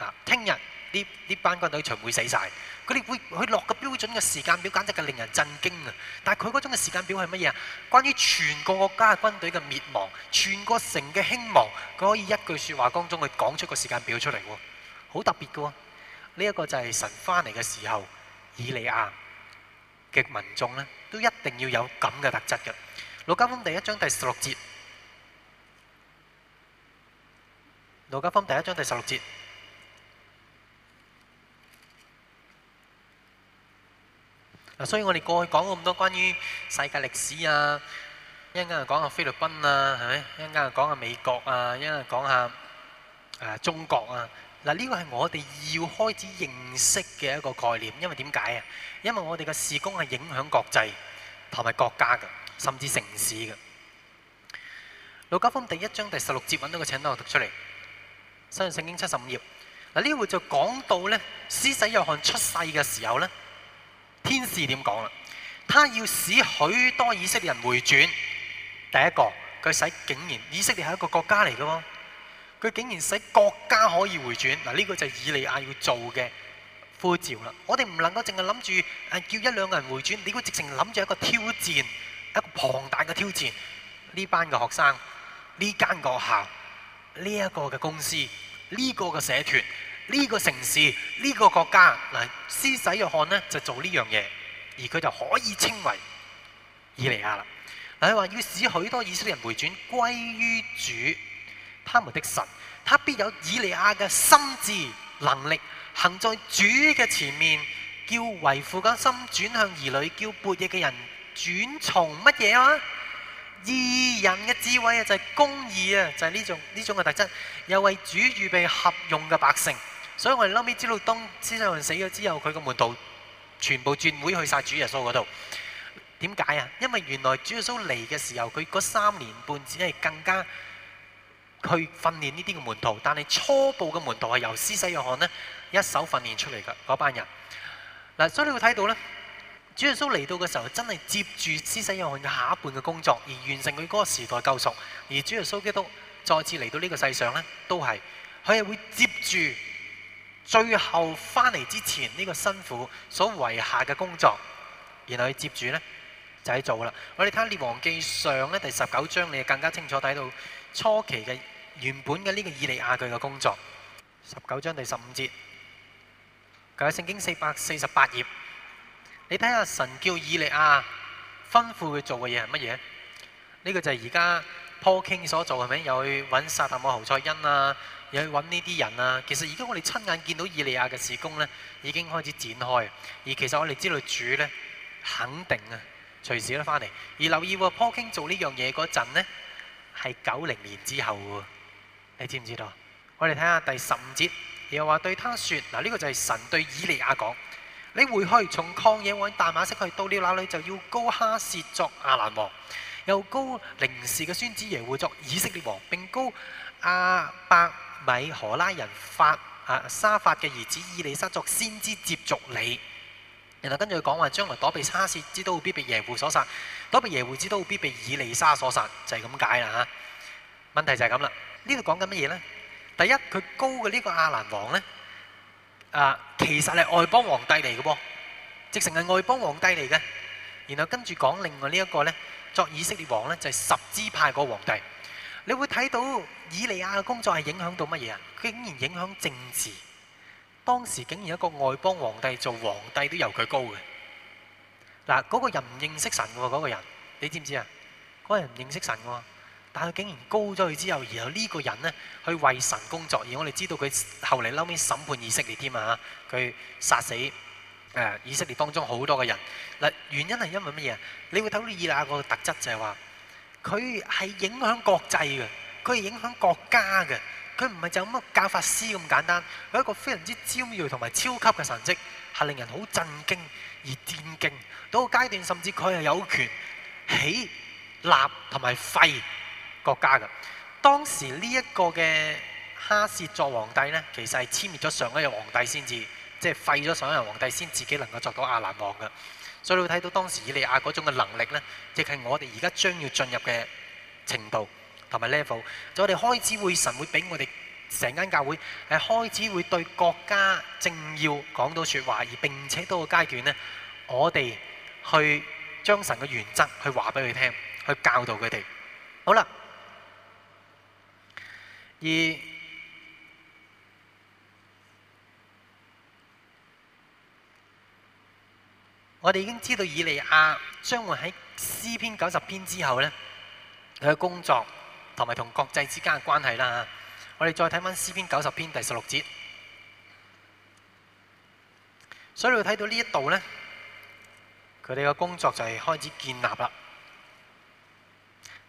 啊！聽日。呢呢班軍隊全部會死曬，佢哋會去落個標準嘅時間表，簡直係令人震驚啊！但係佢嗰種嘅時間表係乜嘢啊？關於全個國家嘅軍隊嘅滅亡，全個城嘅興亡，佢可以一句説話當中去講出個時間表出嚟喎，好特別嘅喎！呢一個就係神翻嚟嘅時候，以利亞嘅民眾咧都一定要有咁嘅特質嘅。路加福音第一章第十六節，路加福音第一章第十六節。所以我哋過去講咁多關於世界歷史啊，一陣間又講下菲律賓啊，係，一陣間又講下美國啊，一陣間講下誒中國啊。嗱，呢個係我哋要開始認識嘅一個概念，因為點解啊？因為我哋嘅事工係影響國際同埋國家嘅，甚至城市嘅。《路加福音》第一章第十六節，揾到個請單我讀出嚟，相信聖經七十五頁。嗱，呢回就講到咧，施洗約翰出世嘅時候咧。天使點講啦？他要使許多以色列人回轉。第一個，佢使竟然以色列係一個國家嚟嘅喎，佢竟然使國家可以回轉。嗱，呢個就係以利亞要做嘅呼召啦。我哋唔能夠淨係諗住誒叫一兩個人回轉，你會直情諗住一個挑戰，一個龐大嘅挑戰。呢班嘅學生，呢間學校，呢一個嘅公司，呢個嘅社團。呢個城市，呢、這個國家，嗱，施洗約翰咧就做呢樣嘢，而佢就可以稱為以利亞啦。嗱，佢話要使許多以色列人回轉歸於主，他們的神，他必有以利亞嘅心智能力，行在主嘅前面，叫為父嘅心轉向兒女，叫悖逆嘅人轉從乜嘢啊？義人嘅智慧啊，就係、是、公義啊，就係、是、呢種呢種嘅特質，又為主預備合用嘅百姓。所以我哋後屘知道，當施洗約翰死咗之後，佢嘅門徒全部轉會去晒主耶穌嗰度。點解啊？因為原來主耶穌嚟嘅時候，佢嗰三年半只係更加去訓練呢啲嘅門徒。但係初步嘅門徒係由施洗約翰咧一手訓練出嚟㗎嗰班人。嗱，所以你會睇到咧，主耶穌嚟到嘅時候，真係接住施洗約翰嘅下一半嘅工作而完成佢嗰個時代救贖。而主耶穌基督再次嚟到呢個世上咧，都係佢係會接住。最後翻嚟之前呢個辛苦所遺下嘅工作，然後去接住咧就係做啦。我哋睇下《列王記》上咧第十九章，你更加清楚睇到初期嘅原本嘅呢個以利亞佢嘅工作。十九章第十五節，佢喺聖經四百四十八頁，你睇下神叫以利亞吩咐佢做嘅嘢係乜嘢？呢個就係而家 Paul King 所做係咪？又去揾薩達姆侯賽因啊？又去揾呢啲人啊！其實而家我哋親眼見到以利亞嘅事工呢已經開始展開。而其實我哋知道主呢肯定啊，隨時都翻嚟。而留意，Paul King 做呢樣嘢嗰陣咧，係九零年之後喎。你知唔知道？我哋睇下第十五節，又話對他説：嗱，呢個就係神對以利亞講，你回去從曠野往大馬色去，到了那裏就要高哈薛作亞蘭王，又高零時嘅孫子耶和作以色列王，並高阿伯。米何拉人法啊沙法嘅兒子以利沙作先知接續你，然後跟住佢講話，將來躲避哈薛之刀會必被耶戶所殺，躲避耶戶之刀會必被以利沙所殺，就係咁解啦吓。問題就係咁啦，呢度講緊乜嘢咧？第一，佢高嘅呢個亞蘭王咧啊，其實係外邦皇帝嚟嘅噃，直成係外邦皇帝嚟嘅。然後跟住講另外呢一個咧，作以色列王咧就係十支派個皇帝。你會睇到以利亞嘅工作係影響到乜嘢啊？竟然影響政治，當時竟然一個外邦皇帝做皇帝都由佢高嘅。嗱，嗰個人唔認識神嘅喎，嗰、嗰個人，你知唔知啊？嗰、嗰個人唔認識神嘅喎，但係佢竟然高咗佢之後，然後呢個人呢，去為神工作，而我哋知道佢後嚟嬲尾審判以色列添啊！佢殺死誒以色列當中好多個人。嗱，原因係因為乜嘢啊？你會睇到以利亞個特質就係話。佢係影響國際嘅，佢係影響國家嘅，佢唔係就咁乜教法師咁簡單，佢一個非常之驕傲同埋超級嘅神跡，係令人好震驚而戰驚。到個階段甚至佢係有權起立同埋廢國家嘅。當時呢一個嘅哈薛作皇帝呢，其實係殲滅咗上一任皇帝先至，即係廢咗上一任皇帝先自己能夠作到亞蘭王嘅。所以你會睇到當時以利亞嗰種嘅能力咧，亦係我哋而家將要進入嘅程度同埋 level。就我哋開始會神會俾我哋成間教會係開始會對國家政要講到説話，而並且多個階段咧，我哋去將神嘅原則去話俾佢聽，去教導佢哋。好啦，而。我哋已經知道以利亞將會喺詩篇九十篇之後咧，佢嘅工作同埋同國際之間嘅關係啦。我哋再睇翻詩篇九十篇第十六節，所以你會睇到呢一度咧，佢哋嘅工作就係開始建立啦，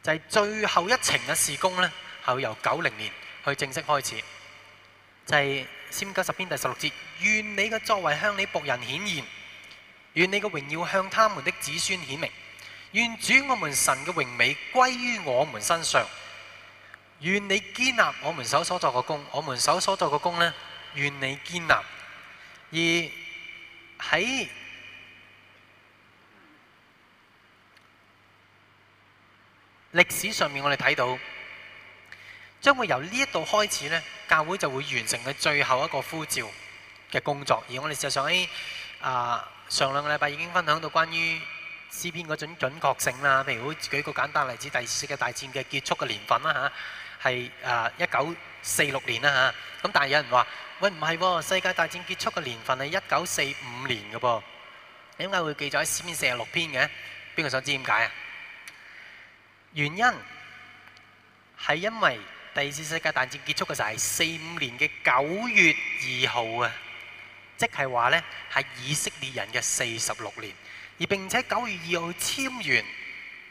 就係、是、最後一程嘅事工咧，係會由九零年去正式開始，就係詩篇九十篇第十六節，願你嘅作為向你僕人顯現。願你嘅榮耀向他們的子孫顯明，願主我們神嘅榮美歸於我們身上，願你建立我們手所做嘅工。我們手所做嘅工呢，願你建立。而喺歷史上面，我哋睇到，將會由呢一度開始呢，教會就會完成佢最後一個呼召嘅工作，而我哋事實上喺啊。上兩個禮拜已經分享到關於詩篇嗰種準確性啦，譬如我舉個簡單例子，第二次世界大戰嘅結束嘅年份啦吓，係誒一九四六年啦吓，咁但係有人話：喂，唔係喎，世界大戰結束嘅年份係一九四五年嘅噃。點解會記載喺詩篇四十六篇嘅？邊個想知點解啊？原因係因為第二次世界大戰結束嘅時候係四五年嘅九月二號啊！即係話呢，係以色列人嘅四十六年，而並且九月二號簽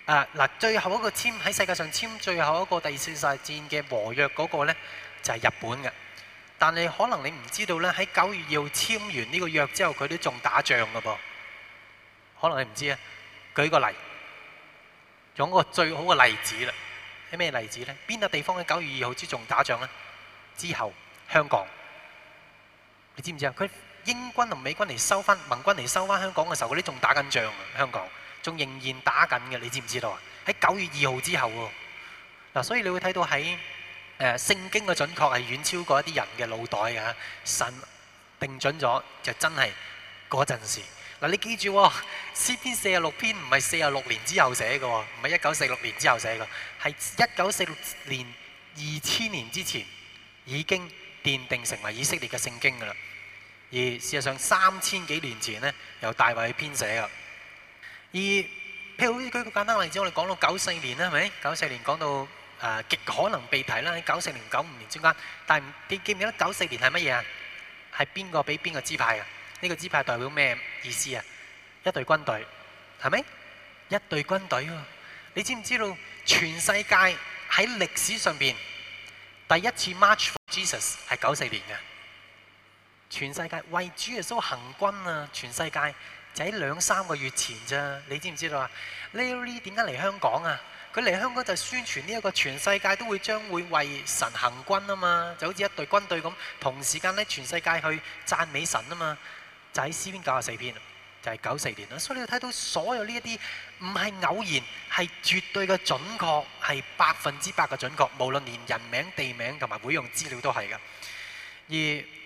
完啊嗱，最後一個簽喺世界上簽最後一個第二次世界戰嘅和約嗰個咧，就係、是、日本嘅。但係可能你唔知道呢，喺九月二號簽完呢個約之後，佢都仲打仗嘅噃。可能你唔知啊？舉個例，用個最好嘅例子啦。係咩例子呢？邊個地方喺九月二號之仲打仗呢？之後香港，你知唔知啊？佢。英軍同美軍嚟收翻盟軍嚟收翻香港嘅時候，嗰啲仲打緊仗啊！香港仲仍然打緊嘅，你知唔知道啊？喺九月二號之後喎嗱，所以你會睇到喺誒聖經嘅準確係遠超過一啲人嘅腦袋嘅啊！神定準咗就真係嗰陣時嗱。你記住，詩篇四十六篇唔係四十六年之後寫嘅喎，唔係一九四六年之後寫嘅，係一九四六年二千年之前已經奠定成為以色列嘅聖經㗎啦。而事實上，三千幾年前呢，由大衛編寫㗎。而譬如好似舉個簡單例子，我哋講到九四年啦，係咪？九四年講到誒極可能被提啦，喺九四年九五年之間。但係記唔記得九四年係乜嘢啊？係邊個俾邊個支派嘅？呢個支派代表咩意思啊？一隊軍隊係咪？一隊軍隊喎？你知唔知道全世界喺歷史上邊第一次 March for Jesus 係九四年嘅？全世界為主耶穌行軍啊！全世界就喺兩三個月前啫，你知唔知道啊？Lily 點解嚟香港啊？佢嚟香港就宣傳呢一個全世界都會將會為神行軍啊嘛！就好似一隊軍隊咁，同時間咧全世界去讚美神啊嘛！就喺詩篇九十四篇，就係九四年啦。所以你要睇到所有呢一啲，唔係偶然，係絕對嘅準確，係百分之百嘅準確，無論連人名、地名同埋會用資料都係噶，而。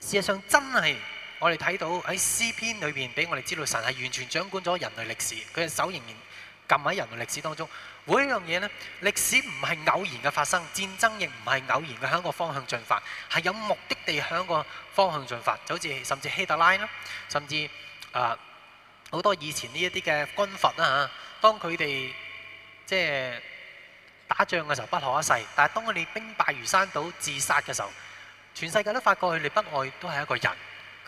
事實上真係，我哋睇到喺詩篇裏邊，俾我哋知道神係完全掌管咗人類歷史，佢嘅手仍然撳喺人類歷史當中。每一樣嘢呢，歷史唔係偶然嘅發生，戰爭亦唔係偶然嘅向個方向進發，係有目的地向個方向進發。就好似甚至希特拉啦，甚至啊好、呃、多以前呢一啲嘅軍閥啦嚇，當佢哋即係打仗嘅時候不可一世，但係當佢哋兵敗如山倒、自殺嘅時候。全世界都發覺佢哋不外都係一個人，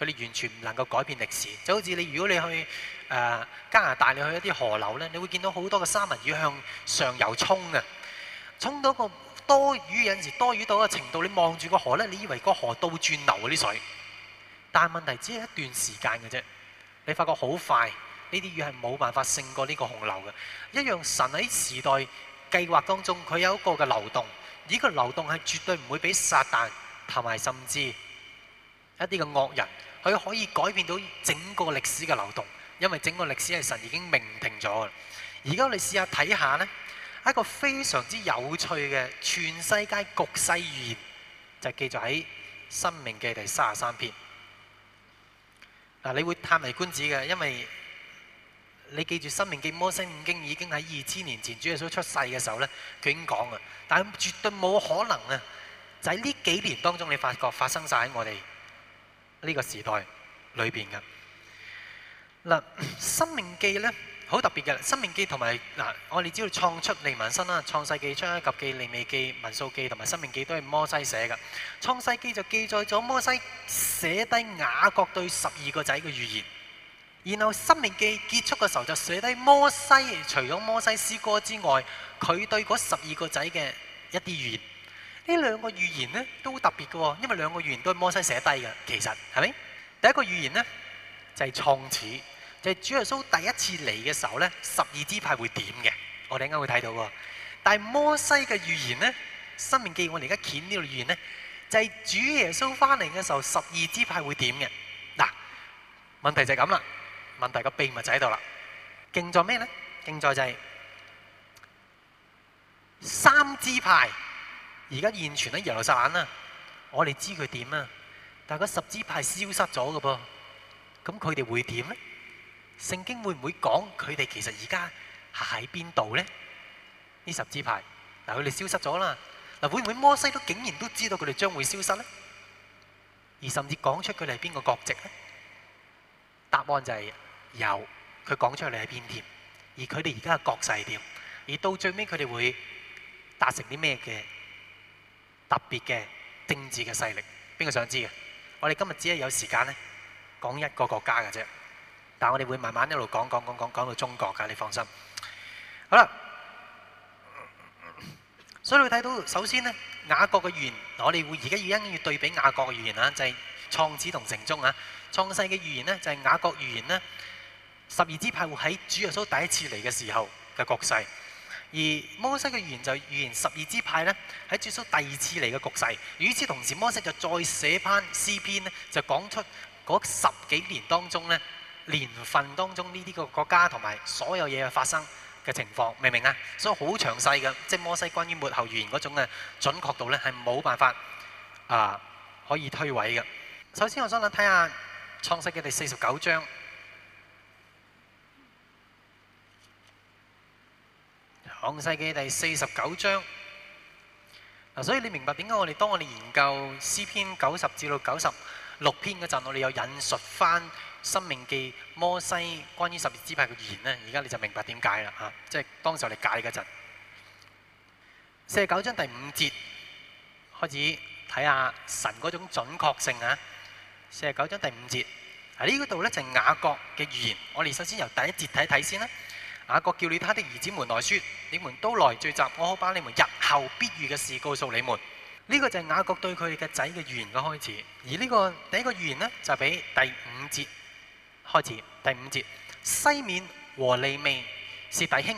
佢哋完全唔能夠改變歷史。就好似你，如果你去誒、呃、加拿大，你去一啲河流咧，你會見到好多個三文魚向上游沖嘅，沖到個多魚有陣時多魚到嘅程度，你望住個河咧，你以為個河都倒轉流啲水，但係問題只係一段時間嘅啫。你發覺好快，呢啲魚係冇辦法勝過呢個洪流嘅一樣。神喺時代計劃當中，佢有一個嘅流動，而、這個流動係絕對唔會俾撒但。同埋甚至一啲嘅惡人，佢可以改變到整個歷史嘅流動，因為整個歷史係神已經命停咗嘅。而家我哋試下睇下呢一個非常之有趣嘅全世界局勢預言，就係記載喺《申命記》第三十三篇。嗱，你會歎為觀止嘅，因為你記住《申命記》《摩西五經》已經喺二千年前主耶穌出世嘅時候呢，佢已經講嘅，但係絕對冇可能啊！就喺呢幾年當中，你發覺發生晒喺我哋呢個時代裏邊嘅。嗱，《生命記》呢，好特別嘅，《生命記》同埋，嗱，我哋知道創出利民新啦，《創世記》、《出埃及記》、《利未記》、《民數記》同埋《生命記》都係摩西寫嘅，《創世記》就記載咗摩西寫低雅各對十二個仔嘅預言，然後《生命記》結束嘅時候就寫低摩西除咗摩西詩歌之外，佢對嗰十二個仔嘅一啲預言。呢兩個預言咧都好特別嘅，因為兩個預言都係摩西寫低嘅，其實係咪？第一個預言咧就係、是、創始，就係、是、主耶穌第一次嚟嘅時候咧，十二支派會點嘅，我哋應該會睇到。但係摩西嘅預言咧，《申命記》我哋而家攣呢個預言咧，就係、是、主耶穌翻嚟嘅時候，十二支派會點嘅。嗱，問題就係咁啦，問題個秘密就喺度啦。敬在咩咧？敬在就係三支派。而家現存喺耶路撒冷啊，我哋知佢點啊？但係嗰十支派消失咗嘅噃，咁佢哋會點咧？聖經會唔會講佢哋其實而家係喺邊度咧？呢十支派嗱，佢哋消失咗啦。嗱，會唔會摩西都竟然都知道佢哋將會消失咧？而甚至講出佢哋係邊個國籍咧？答案就係有，佢講出嚟係邊條，而佢哋而家嘅國勢點？而到最尾佢哋會達成啲咩嘅？特別嘅政治嘅勢力，邊個想知嘅？我哋今日只係有時間咧，講一個國家嘅啫。但我哋會慢慢一路講講講講講到中國㗎，你放心。好啦，所以你睇到，首先呢，雅各嘅語言，我哋會而家要一要對比雅各嘅語言啊，就係、是、創始同成終啊。創世嘅語言呢，就係、是、雅各語言呢，十二支派喎，喺主耶穌第一次嚟嘅時候嘅局勢。而摩西嘅預言就預言十二支派咧喺接蘇第二次嚟嘅局勢。與此同時，摩西就再寫番詩篇咧，就講出嗰十幾年當中咧年份當中呢啲個國家同埋所有嘢嘅發生嘅情況，明唔明啊？所以好詳細嘅，即係摩西關於末後預言嗰種嘅準確度咧，係冇辦法啊可以推諉嘅。首先我想諗睇下創世記第四十九章。《創世記》第四十九章，嗱，所以你明白點解我哋當我哋研究詩篇九十至到九十六篇嗰陣，我哋有引述翻《生命記》摩西關於十二支派嘅預言咧，而家你就明白點解啦嚇，即係當時我哋解嗰陣。四十九章第五節開始睇下神嗰種準確性啊！四十九章第五節，喺呢度咧就係雅各嘅預言。我哋首先由第一節睇睇先啦。雅各叫了他的兒子們來説：你們都來聚集，我好把你們日後必遇嘅事告訴你們。呢、這個就係雅各對佢哋嘅仔嘅預言嘅開始。而呢個第一個預言呢，就俾第五節開始。第五節，西面和利未是弟兄，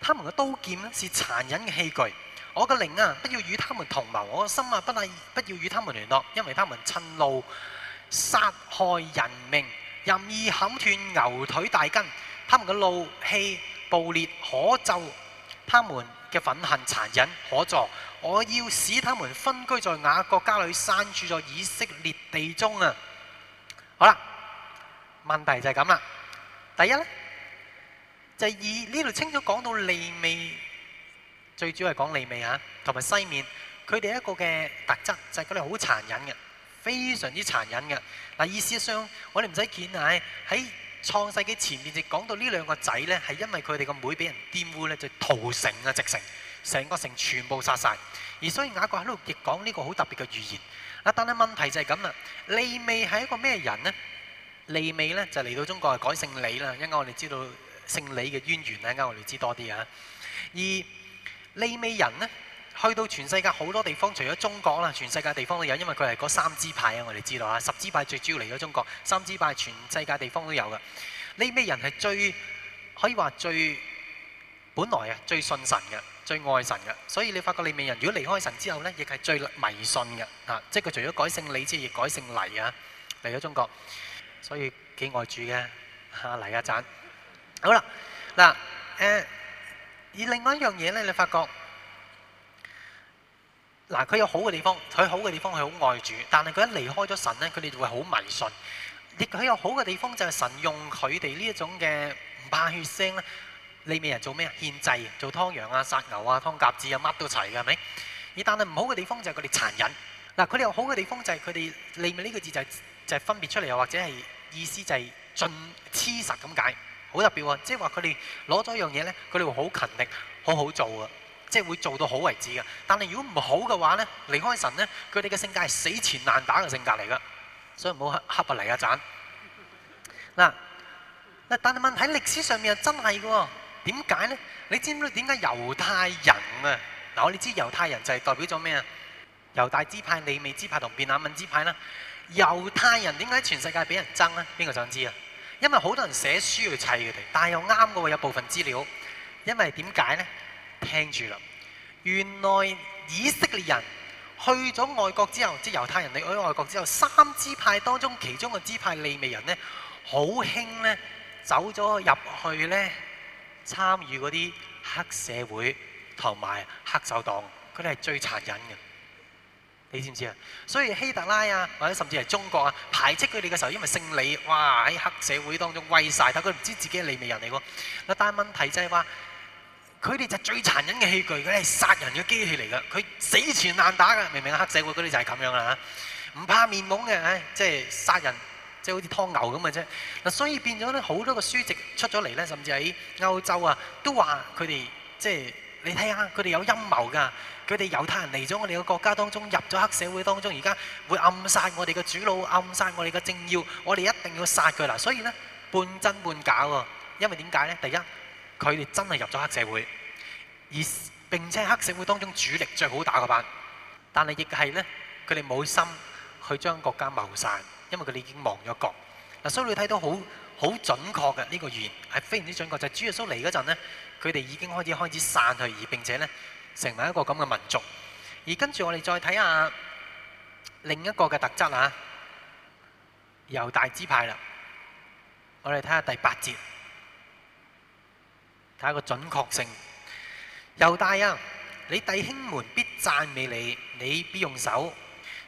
他們嘅刀劍咧是殘忍嘅器具。我嘅靈啊，不要與他們同謀；我嘅心啊，不耐，不要與他們聯絡，因為他們趁怒殺害人命，任意砍斷牛腿大筋。他們嘅怒氣暴烈可咒，他們嘅憤恨殘忍可助。我要使他們分居在雅各家裏，散住在以色列地中啊！好啦，問題就係咁啦。第一咧，就係、以呢度清楚講到利未，最主要係講利未啊，同埋西面，佢哋一個嘅特質就係佢哋好殘忍嘅，非常之殘忍嘅。嗱，意思上我哋唔使見啊，喺。創世記前面就講到呢兩個仔呢，係因為佢哋個妹俾人玷污呢就屠城啊，直成成個城全部殺晒。而所以雅各喺度亦講呢個好特別嘅預言啊，但係問題就係咁啦，利未係一個咩人呢？利未呢就嚟到中國啊，改姓李啦。啱我哋知道姓李嘅淵源啦，啱我哋知多啲啊。而利未人呢？去到全世界好多地方，除咗中國啦，全世界地方都有，因為佢係嗰三支派啊，我哋知道啊。十支派最主要嚟咗中國，三支派全世界地方都有噶。利未人係最可以話最本來啊，最信神嘅，最愛神嘅。所以你發覺利未人如果離開神之後咧，亦係最迷信嘅啊！即係佢除咗改姓李之後，亦改姓黎啊，嚟咗中國，所以幾愛主嘅啊黎啊讚。好啦，嗱誒，而另外一樣嘢咧，你發覺。嗱，佢有好嘅地方，佢好嘅地方佢好愛主，但係佢一離開咗神咧，佢哋就會好迷信。亦佢有好嘅地方就係神用佢哋呢一種嘅唔怕血腥咧，利未人做咩啊？獻祭、做劏羊啊、殺牛啊、劏鴿子啊，乜都齊㗎係咪？而但係唔好嘅地方就係佢哋殘忍。嗱，佢哋有好嘅地方就係佢哋利未呢個字就係、係、就係、係、分別出嚟，又或者係意思就係盡黐實咁解，好特別喎。即係話佢哋攞咗一樣嘢咧，佢哋會好勤力，好好做啊。即係會做到好為止嘅，但係如果唔好嘅話咧，離開神咧，佢哋嘅性格係死纏爛打嘅性格嚟㗎，所以唔好黑黑白嚟一斬嗱，但係問題喺歷史上面啊，真係㗎，點解咧？你知唔知點解猶太人啊？嗱，我哋知猶太人就係代表咗咩啊？猶大支派、利未支派同便雅憫支派啦。猶好太人點解全世界俾人憎咧？邊個想知啊？因為好多人寫書去砌佢哋，但係又啱嘅有部分資料。因為點解咧？聽住啦，原來以色列人去咗外國之後，即係猶太人嚟，去外國之後，三支派當中其中嘅支派利未人呢，好興呢走咗入去呢參與嗰啲黑社會同埋黑手黨，佢哋係最殘忍嘅。你知唔知啊？所以希特拉啊，或者甚至係中國啊，排斥佢哋嘅時候，因為姓李，哇！喺黑社會當中威晒，但佢唔知自己係利未人嚟嘅。但係問題就係話。佢哋就最殘忍嘅器具，佢係殺人嘅機器嚟㗎。佢死纏爛打㗎，明明黑社會嗰啲就係咁樣啦嚇，唔怕面懵嘅，唉，即係殺人，即係好似劏牛咁嘅啫。嗱，所以變咗咧，好多個書籍出咗嚟咧，甚至喺歐洲啊，都話佢哋即係你睇下，佢哋有陰謀㗎。佢哋猶太人嚟咗我哋個國家當中，入咗黑社會當中，而家會暗殺我哋嘅主腦，暗殺我哋嘅政要，我哋一定要殺佢啦。所以咧，半真半假喎。因為點解咧？第一。佢哋真係入咗黑社會，而並且黑社會當中主力最好打個班，但係亦係咧，佢哋冇心去將國家謀散，因為佢哋已經亡咗國。嗱，所以你睇到好好準確嘅呢個預言係非常之準確，就係、是、主耶穌嚟嗰陣咧，佢哋已經開始開始散去，而並且咧成為一個咁嘅民族。而跟住我哋再睇下另一個嘅特質啊，猶大支派啦，我哋睇下第八節。睇個準確性。猶大啊，你弟兄們必讚美你，你必用手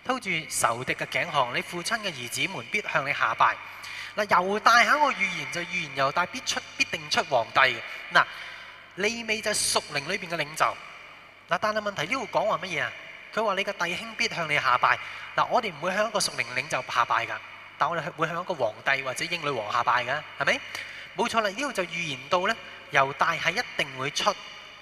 偷住仇敵嘅頸項，你父親嘅兒子們必向你下拜。嗱，猶大下個預言就預言猶大必出必定出皇帝嘅。嗱，利未就係屬靈裏邊嘅領袖。嗱，但係問題呢度講話乜嘢啊？佢話你嘅弟兄必向你下拜。嗱，我哋唔會向一個屬靈領袖下拜㗎，但我哋會向一個皇帝或者英女王下拜㗎，係咪？冇錯啦，呢度就預言到咧。猶大係一定會出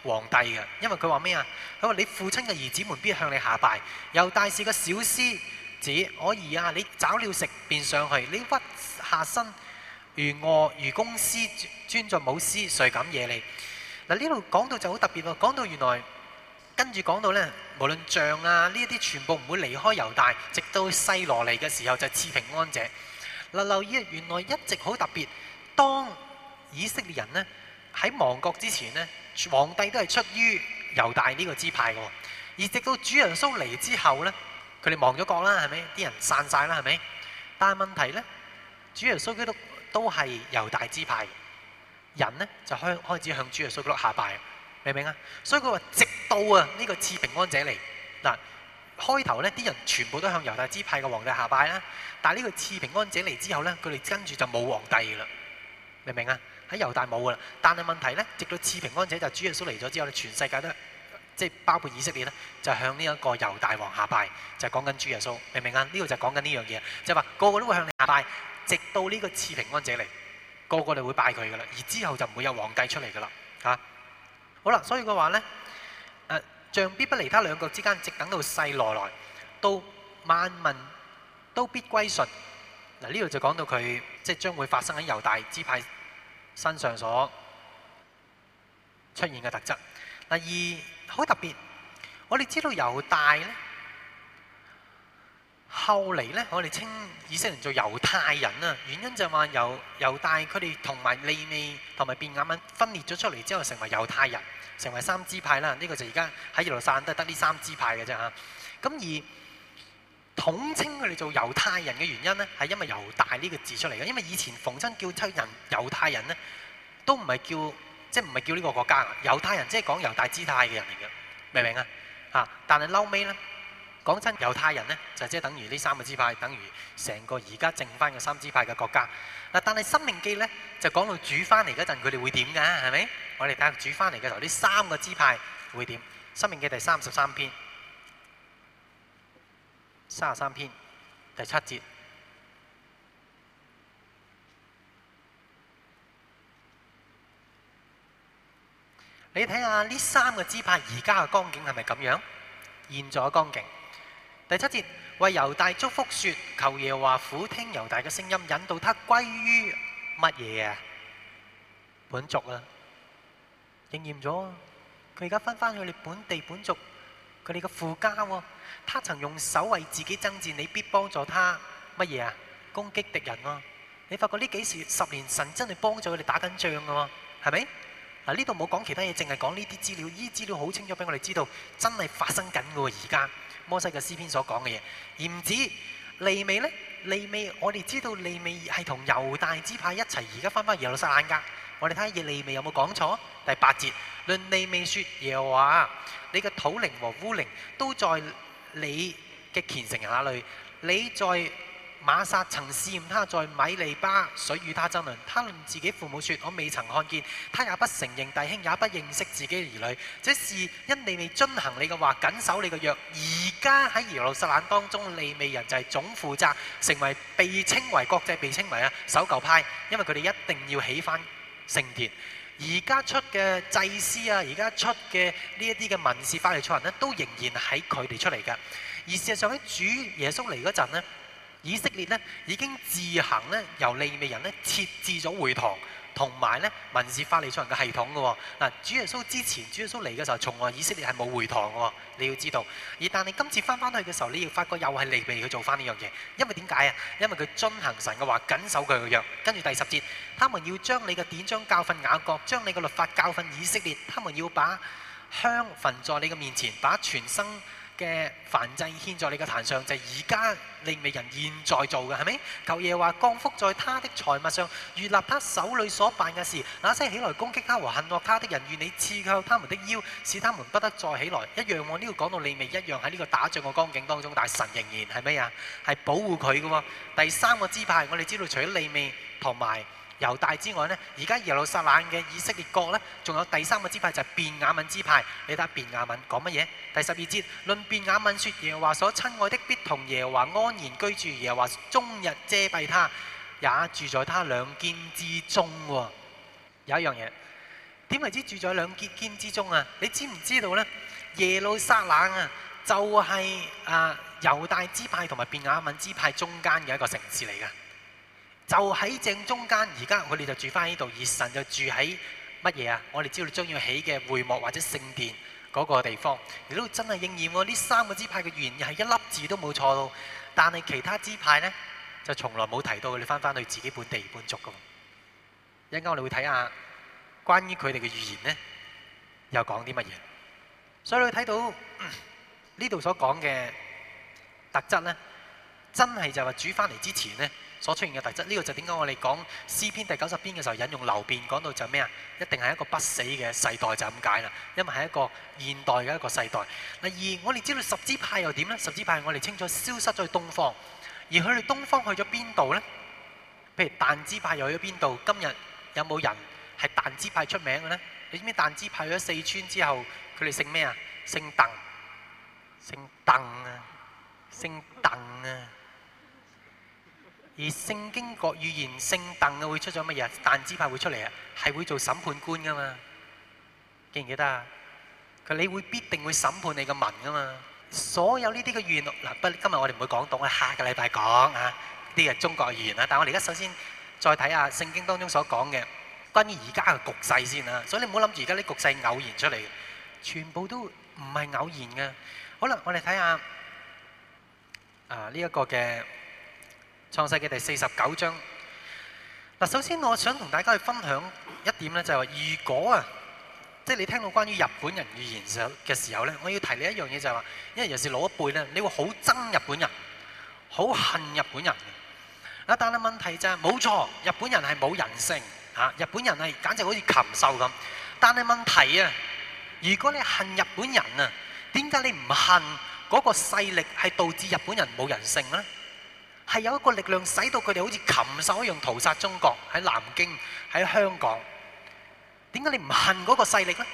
皇帝嘅，因為佢話咩啊？佢話你父親嘅兒子們必向你下拜。猶大是個小獅子，我兒啊，你找了食便上去，你屈下身，如餓如公獅，專作母獅，誰敢惹你？嗱，呢度講到就好特別喎，講到原來跟住講到呢，無論像啊呢一啲，全部唔會離開猶大，直到西羅嚟嘅時候，就係賜平安者。嗱，留意原來一直好特別，當以色列人呢，喺亡國之前咧，皇帝都係出於猶大呢個支派嘅。而直到主耶穌嚟之後咧，佢哋亡咗國啦，係咪？啲人散晒啦，係咪？但係問題咧，主耶穌基督都都係猶大支派的，人咧就開開始向主耶穌基督下拜，明唔明啊？所以佢話直到啊呢個賜平安者嚟，嗱，開頭咧啲人全部都向猶大支派嘅皇帝下拜啦。但係呢個賜平安者嚟之後咧，佢哋跟住就冇皇帝啦，明唔明啊？喺猶大冇噶啦，但係問題咧，直到賜平安者就主耶穌嚟咗之後咧，全世界都即係包括以色列咧，就向呢一個猶大王下拜，就講緊主耶穌，明唔明啊？呢度就講緊呢樣嘢，就係、是、話個個都會向你下拜，直到呢個賜平安者嚟，個個你會拜佢噶啦，而之後就唔會有皇帝出嚟噶啦嚇。好啦，所以嘅話咧，誒、啊、杖必不離他兩腳之間，直等到細羅來，到萬民都必歸順。嗱，呢度就講到佢即係將會發生喺猶大支派。身上所出現嘅特質，嗱，而好特別，我哋知道猶大咧，後嚟咧我哋稱以色列做猶太人啊，原因就係話猶猶大佢哋同埋利未同埋便雅憫分裂咗出嚟之後，成為猶太人，成為三支派啦。呢個就而家喺耶路撒冷都係得呢三支派嘅啫嚇。咁而統稱佢哋做猶太人嘅原因呢，係因為猶大呢個字出嚟嘅。因為以前逢親叫出人猶太人呢，都唔係叫即係唔係叫呢個國家嘅猶太人，即係講猶大支派嘅人嚟嘅，明唔明啊？嚇！但係嬲尾呢，講真猶太人呢，就即係等於呢三個支派，等於成個而家剩翻嘅三支派嘅國家。嗱、啊，但係《申命記》呢，就講到主翻嚟嗰陣，佢哋會點㗎？係咪？我哋睇下主翻嚟嘅時候，呢三個支派會點？《申命記》第三十三篇。三十三篇，第七節，你睇下呢三個支派而家嘅光景係咪咁樣？現在嘅光景。第七節，為猶大祝福說，求耶華俯聽猶大嘅聲音，引導他歸於乜嘢啊？本族啊，應驗咗啊！佢而家分翻去佢哋本地本族。佢哋嘅父家喎，他曾用手為自己爭戰，你必幫助他乜嘢啊？攻擊敵人咯！你發覺呢幾時十年神真係幫助佢哋打緊仗嘅喎，係咪？嗱，呢度冇講其他嘢，淨係講呢啲資料，呢啲資料好清楚俾我哋知道，真係發生緊嘅喎，而家摩西嘅詩篇所講嘅嘢，而唔止利未咧，利未我哋知道利未係同猶大支派一齊，而家返返耶路撒冷噶。我哋睇下利未有冇講錯？第八節，論利未說：耶和華你嘅土靈和烏靈都在你嘅虔誠下裏。你在馬撒曾試驗他，在米利巴水與他爭論。他論自己父母說：我未曾看見。他也不承認弟兄，也不認識自己兒女。這是因利未遵行你嘅話，緊守你嘅約。而家喺耶路撒冷當中，利未人就係總負責，成為被稱為國際，被稱為啊守舊派，因為佢哋一定要起翻聖殿，而家出嘅祭司啊，而家出嘅呢一啲嘅民事法律草案呢，都仍然喺佢哋出嚟嘅。而事實上喺主耶穌嚟嗰陣咧，以色列呢已經自行呢，由利未人呢設置咗會堂。同埋咧，民事法理出人嘅系統嘅喎，嗱，主耶穌之前，主耶穌嚟嘅時候，從來以色列係冇回堂嘅喎、哦，你要知道。而但係今次翻翻去嘅時候，你要發覺又係利未去做翻呢樣嘢，因為點解啊？因為佢遵行神嘅話，緊守佢嘅約。跟住第十節，他們要將你嘅典章教訓雅各，將你嘅律法教訓以色列，他們要把香焚在你嘅面前，把全牲。嘅燔祭獻在你嘅壇上，就係而家利未人現在做嘅，係咪？求耶和華降福在他的財物上，悅納他手裏所辦嘅事，那些起來攻擊他和恨惡他的人，願你刺透他們的腰，使他們不得再起來。一樣喎，呢個講到利未一樣喺呢個打仗嘅光景當中，但係神仍然係咩呀？係保護佢嘅喎。第三個支派，我哋知道除咗利未同埋。猶大之外呢，而家耶路撒冷嘅以色列國呢，仲有第三個支派就係，是，便雅憫支派。你睇下便雅憫講乜嘢？第十二節論便雅憫説：耶和華，啊，所親愛的必同耶和華安然居住耶華，耶和華終日遮蔽他，也住在他兩肩之中，啊。有一樣嘢，點為之住在兩肩肩之中啊？你知唔知道呢？耶路撒冷啊，就係啊猶大支派同埋便雅憫支派中間嘅一個城市嚟㗎。就喺正中間，而家佢哋就住翻呢度。而神就住喺乜嘢啊？我哋知道你將要起嘅會幕或者聖殿嗰個地方，你都真係應驗喎、哦。呢三個支派嘅預言係一粒字都冇錯到，但係其他支派咧就從來冇提到佢哋翻翻去自己本地本族嘅。一陣間我哋會睇下關於佢哋嘅預言咧，又講啲乜嘢。所以你睇到、嗯、這裏所的特質呢度所講嘅特質咧，真係就話煮翻嚟之前咧。所出現嘅題質，呢個就點解我哋講《詩篇》第九十篇嘅時候引用流便講到就係咩啊？一定係一個不死嘅世代就咁解啦，因為係一個現代嘅一個世代。例二，我哋知道十支派又點呢？十支派我哋清楚消失咗喺東方，而佢哋東方去咗邊度呢？譬如但支派又去咗邊度？今日有冇人係但支派出名嘅呢？你知唔知但支派去咗四川之後，佢哋姓咩啊？姓鄧，姓鄧啊，姓鄧啊。而聖經嘅預言聖鄧嘅會出咗乜嘢？但支派會出嚟啊，係會做審判官噶嘛？記唔記得啊？佢你會必定會審判你嘅民噶嘛？所有呢啲嘅預言嗱，不今日我哋唔會講到啊，下個禮拜講啊啲嘅中國預言啦。但係我哋而家首先再睇下聖經當中所講嘅關於而家嘅局勢先啦。所以你唔好諗住而家啲局勢偶然出嚟，全部都唔係偶然嘅。好啦，我哋睇下啊呢一個嘅。創世記第四十九章。嗱，首先我想同大家去分享一點咧，就係話，如果啊，即係你聽到關於日本人語言嘅時候咧，我要提你一樣嘢就係話，因為有時老一輩咧，你會好憎日本人，好恨日本人。但係問題就係，冇錯，日本人係冇人性，嚇，日本人係簡直好似禽獸咁。但係問題啊，如果你恨日本人啊，點解你唔恨嗰個勢力係導致日本人冇人性咧？係有一個力量使到佢哋好似禽獸一樣屠殺中國，喺南京，喺香港。點解你唔恨嗰個勢力呢？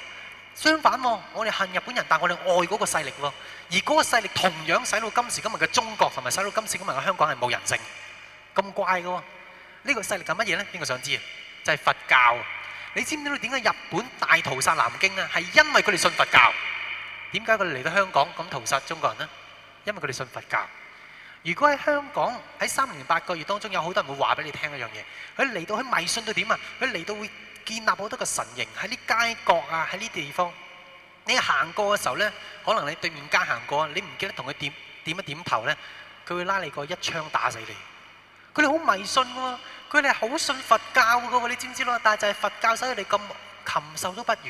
相反喎，我哋恨日本人，但我哋愛嗰個勢力喎。而嗰個勢力同樣使到今時今日嘅中國同埋使到今時今日嘅香港係冇人性，咁怪嘅喎。呢個勢力係乜嘢呢？邊個想知啊？就係佛教。你知唔知道點解日本大屠殺南京啊？係因為佢哋信佛教。點解佢哋嚟到香港咁屠殺中國人呢？因為佢哋信佛教。如果喺香港喺三年八個月當中，有好多人會話俾你聽一樣嘢，佢嚟到佢迷信到點啊？佢嚟到會建立好多個神形喺啲街角啊，喺啲地方。你行過嘅時候咧，可能你對面街行過，你唔記得同佢點點一點頭咧，佢會拉你個一槍打死你。佢哋好迷信喎，佢哋好信佛教嘅喎，你知唔知咯？但係就係佛教使佢哋咁禽獸都不如。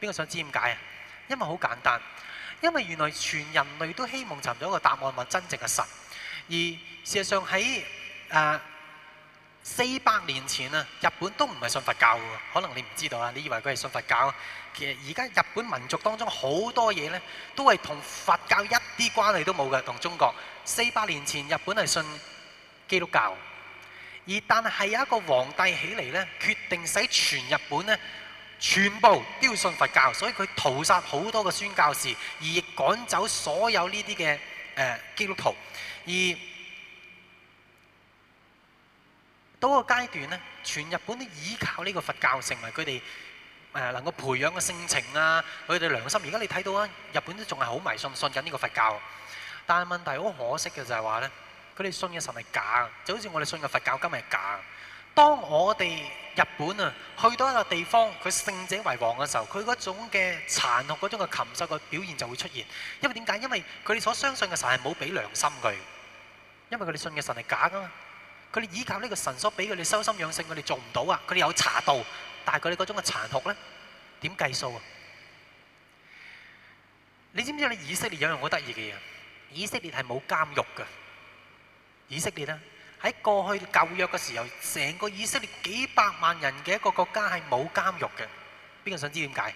邊個想知點解啊？因為好簡單，因為原來全人類都希望尋到一個答案或真正嘅神。而事實上喺誒四百年前啊，日本都唔係信佛教喎，可能你唔知道啊，你以為佢係信佛教。其實而家日本民族當中好多嘢咧，都係同佛教一啲關係都冇嘅，同中國四百年前日本係信基督教。而但係有一個皇帝起嚟咧，決定使全日本咧，全部都要信佛教，所以佢屠殺好多個宣教士，而亦趕走所有呢啲嘅誒基督徒。而到個階段咧，全日本都倚靠呢個佛教成為佢哋誒能夠培養嘅性情啊，佢哋良心。而家你睇到啊，日本都仲係好迷信，信緊呢個佛教。但係問題好可惜嘅就係話咧，佢哋信嘅神係假，就好似我哋信嘅佛教今日係假。當我哋日本啊去到一個地方，佢勝者為王嘅時候，佢嗰種嘅殘酷、嗰種嘅禽獸嘅表現就會出現。因為點解？因為佢哋所相信嘅神係冇俾良心佢。因為佢哋信嘅神係假噶嘛，佢哋依靠呢個神所俾佢哋修心養性，佢哋做唔到啊！佢哋有茶道，但係佢哋嗰種嘅殘酷咧，點計數啊？你知唔知咧？以色列有樣好得意嘅嘢，以色列係冇監獄噶。以色列咧喺過去舊約嘅時候，成個以色列幾百萬人嘅一個國家係冇監獄嘅。邊個想知點解？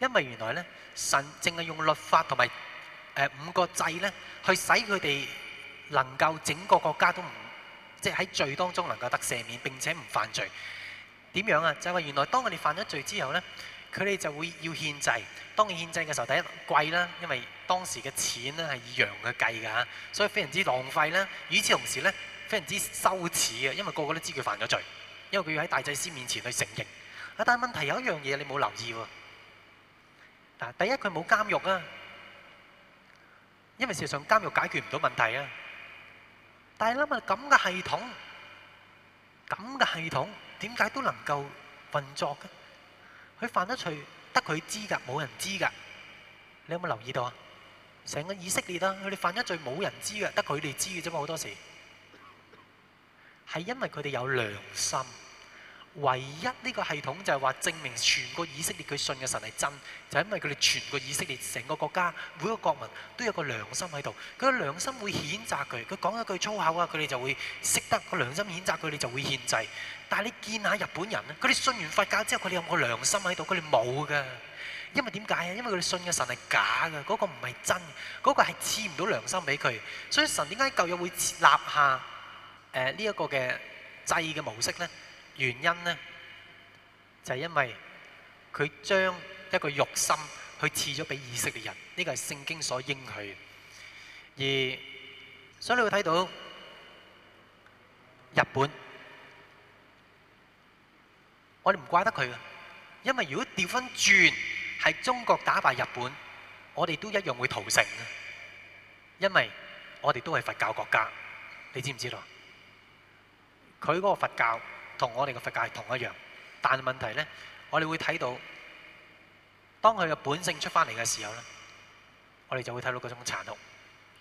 因為原來咧，神淨係用律法同埋誒五個祭咧，去使佢哋。能夠整個國家都唔即係喺罪當中能夠得赦免並且唔犯罪，點樣啊？就係話原來當我哋犯咗罪之後呢，佢哋就會要獻祭。當獻祭嘅時候，第一貴啦，因為當時嘅錢呢係以羊去計㗎嚇，所以非常之浪費啦。與此同時呢，非常之羞恥啊，因為個個都知佢犯咗罪，因為佢要喺大祭司面前去承認。啊，但係問題有一樣嘢你冇留意喎。嗱，第一佢冇監獄啊，因為事實上監獄解決唔到問題啊。但係諗下咁嘅系統，咁嘅系統點解都能夠運作嘅？佢犯咗罪得佢知㗎，冇人知㗎。你有冇留意到啊？成個以色列啦，佢哋犯咗罪冇人知㗎，得佢哋知㗎啫嘛，好多時係因為佢哋有良心。唯一呢、這個系統就係話證明全個以色列佢信嘅神係真，就是、因為佢哋全個以色列成個國家每個國民都有個良心喺度。佢嘅良心會譴責佢，佢講一句粗口啊，佢哋就會識得個良心譴責佢，你就會獻祭。但係你見下日本人咧，佢哋信完佛教之後，佢哋有冇良心喺度？佢哋冇嘅，因為點解啊？因為佢哋信嘅神係假嘅，嗰、那個唔係真的，嗰、那個係黐唔到良心俾佢。所以神點解舊日會立下誒呢一個獻祭嘅模式呢？原因呢，就係因為佢將一個肉心去賜咗俾以色列人，呢個係聖經所應許。而所以你會睇到日本，我哋唔怪得佢嘅，因為如果掉翻轉係中國打敗日本，我哋都一樣會屠城嘅，因為我哋都係佛教國家，你知唔知道？佢嗰個佛教。同我哋嘅佛教係同一樣，但問題咧，我哋會睇到當佢嘅本性出翻嚟嘅時候咧，我哋就會睇到嗰種殘酷。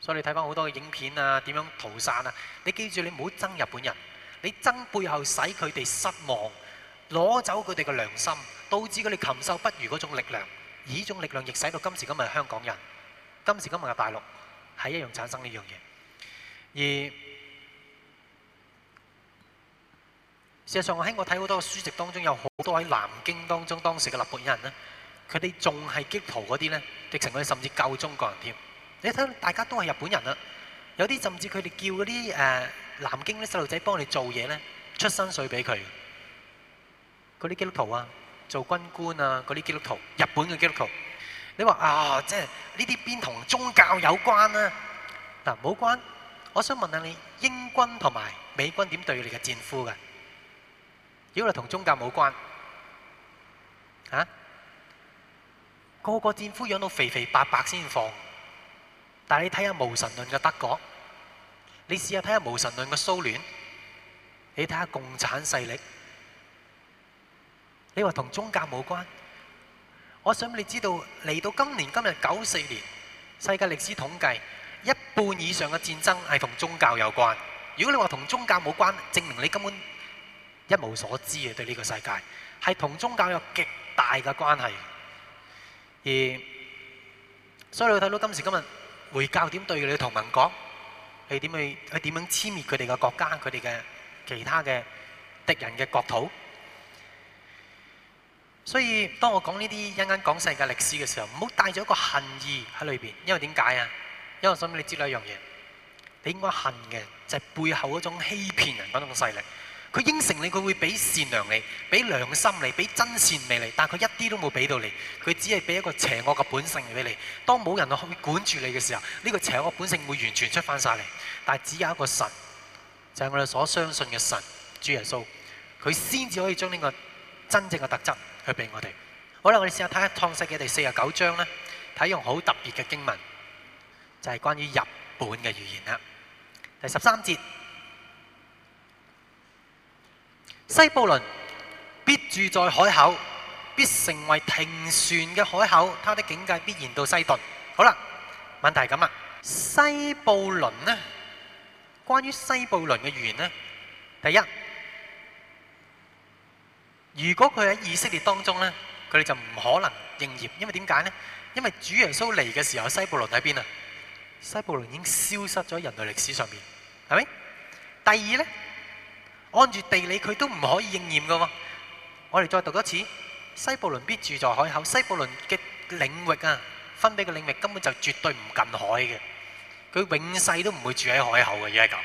所以你睇翻好多嘅影片啊，點樣屠殺啊？你記住，你唔好憎日本人，你憎背後使佢哋失望，攞走佢哋嘅良心，導致佢哋禽獸不如嗰種力量。而呢種力量亦使到今時今日香港人，今時今日嘅大陸係一樣產生呢樣嘢。而事實上，我喺我睇好多書籍當中，有好多喺南京當中當時嘅日本人咧，佢哋仲係基督徒嗰啲咧，直情嗰啲甚至救中國人添。你睇，大家都係日本人啊，有啲甚至佢哋叫嗰啲誒南京啲細路仔幫你做嘢咧，出薪水俾佢。嗰啲基督徒啊，做軍官啊，嗰啲基督徒，日本嘅基督徒，你話啊，即係呢啲邊同宗教有關啊？嗱，冇關。我想問下你，英軍同埋美軍點對你嘅戰俘嘅？如果你同宗教冇關，嚇個個戰俘養到肥肥白白先放，但你睇下無神論嘅德國，你試下睇下無神論嘅蘇聯，你睇下共產勢力，你話同宗教冇關？我想你知道嚟到今年今日九四年，世界歷史統計一半以上嘅戰爭係同宗教有關。如果你話同宗教冇關，證明你根本一無所知嘅，對呢個世界係同宗教有極大嘅關係，而所以你會睇到今時今日回教點對你同盟國，你點去去點樣殲滅佢哋嘅國家，佢哋嘅其他嘅敵人嘅國土。所以當我講呢啲一間講世界歷史嘅時候，唔好帶咗一個恨意喺裏邊，因為點解啊？因為我想畀你知道一樣嘢，你應該恨嘅就係、是、背後嗰種欺騙人嗰種勢力。佢應承你，佢會俾善良你，俾良心你，俾真善美你，但係佢一啲都冇俾到你，佢只係俾一個邪惡嘅本性畀你。當冇人去管住你嘅時候，呢個邪惡本性會完全出翻晒嚟。但係只有一個神，就係我哋所相信嘅神主耶穌，佢先至可以將呢個真正嘅特質去畀我哋。好啦，我哋試下睇下創世記第四十九章咧，睇用好特別嘅經文，就係關於日本嘅語言啦，第十三節。西布倫必住在海口，必成為停船嘅海口。他的境界必然到西頓。好啦，問題係咁啊，西布倫呢？關於西布倫嘅預言呢？第一，如果佢喺以色列當中呢，佢哋就唔可能應驗，因為點解呢？因為主耶穌嚟嘅時候，西布倫喺邊啊？西布倫已經消失咗人類歷史上面，係咪？第二呢？按住地理佢都唔可以應驗嘅喎，我哋再讀多次。西布倫必住在海口，西布倫嘅領域啊，分俾嘅領域根本就絕對唔近海嘅，佢永世都唔會住喺海口嘅，而係咁，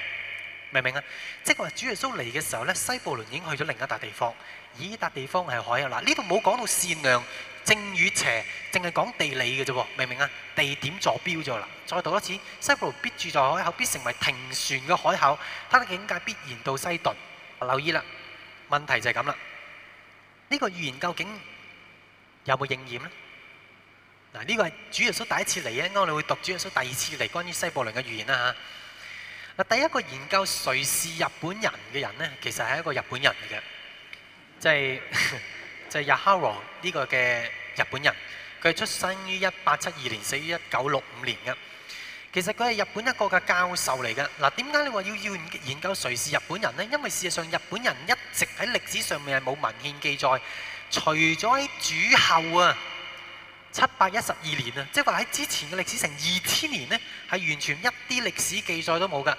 明唔明啊？即係話主耶穌嚟嘅時候咧，西布倫已經去咗另一笪地方。咦？笪地方係海啊！嗱，呢度冇講到善良正與邪，淨係講地理嘅啫喎，明唔明啊？地點坐標咗啦，再讀多次。西布倫必住在海口，必成為停船嘅海口，他的境界必然到西頓。留意啦，問題就係咁啦。呢個預言究竟有冇應驗咧？嗱，呢個係主耶穌第一次嚟，我哋會讀主耶穌第二次嚟關於西伯倫嘅預言啦嚇。嗱，第一個研究誰是日本人嘅人咧，其實係一個日本人嚟嘅，即係即係日下王呢個嘅日本人，佢係出生於一八七二年，死於一九六五年嘅。其實佢係日本一個嘅教授嚟嘅，嗱，點解你話要要研究誰是日本人呢？因為事實上日本人一直喺歷史上面係冇文獻記載，除咗喺主後啊七百一十二年啊，即係話喺之前嘅歷史成二千年呢，係完全一啲歷史記載都冇㗎，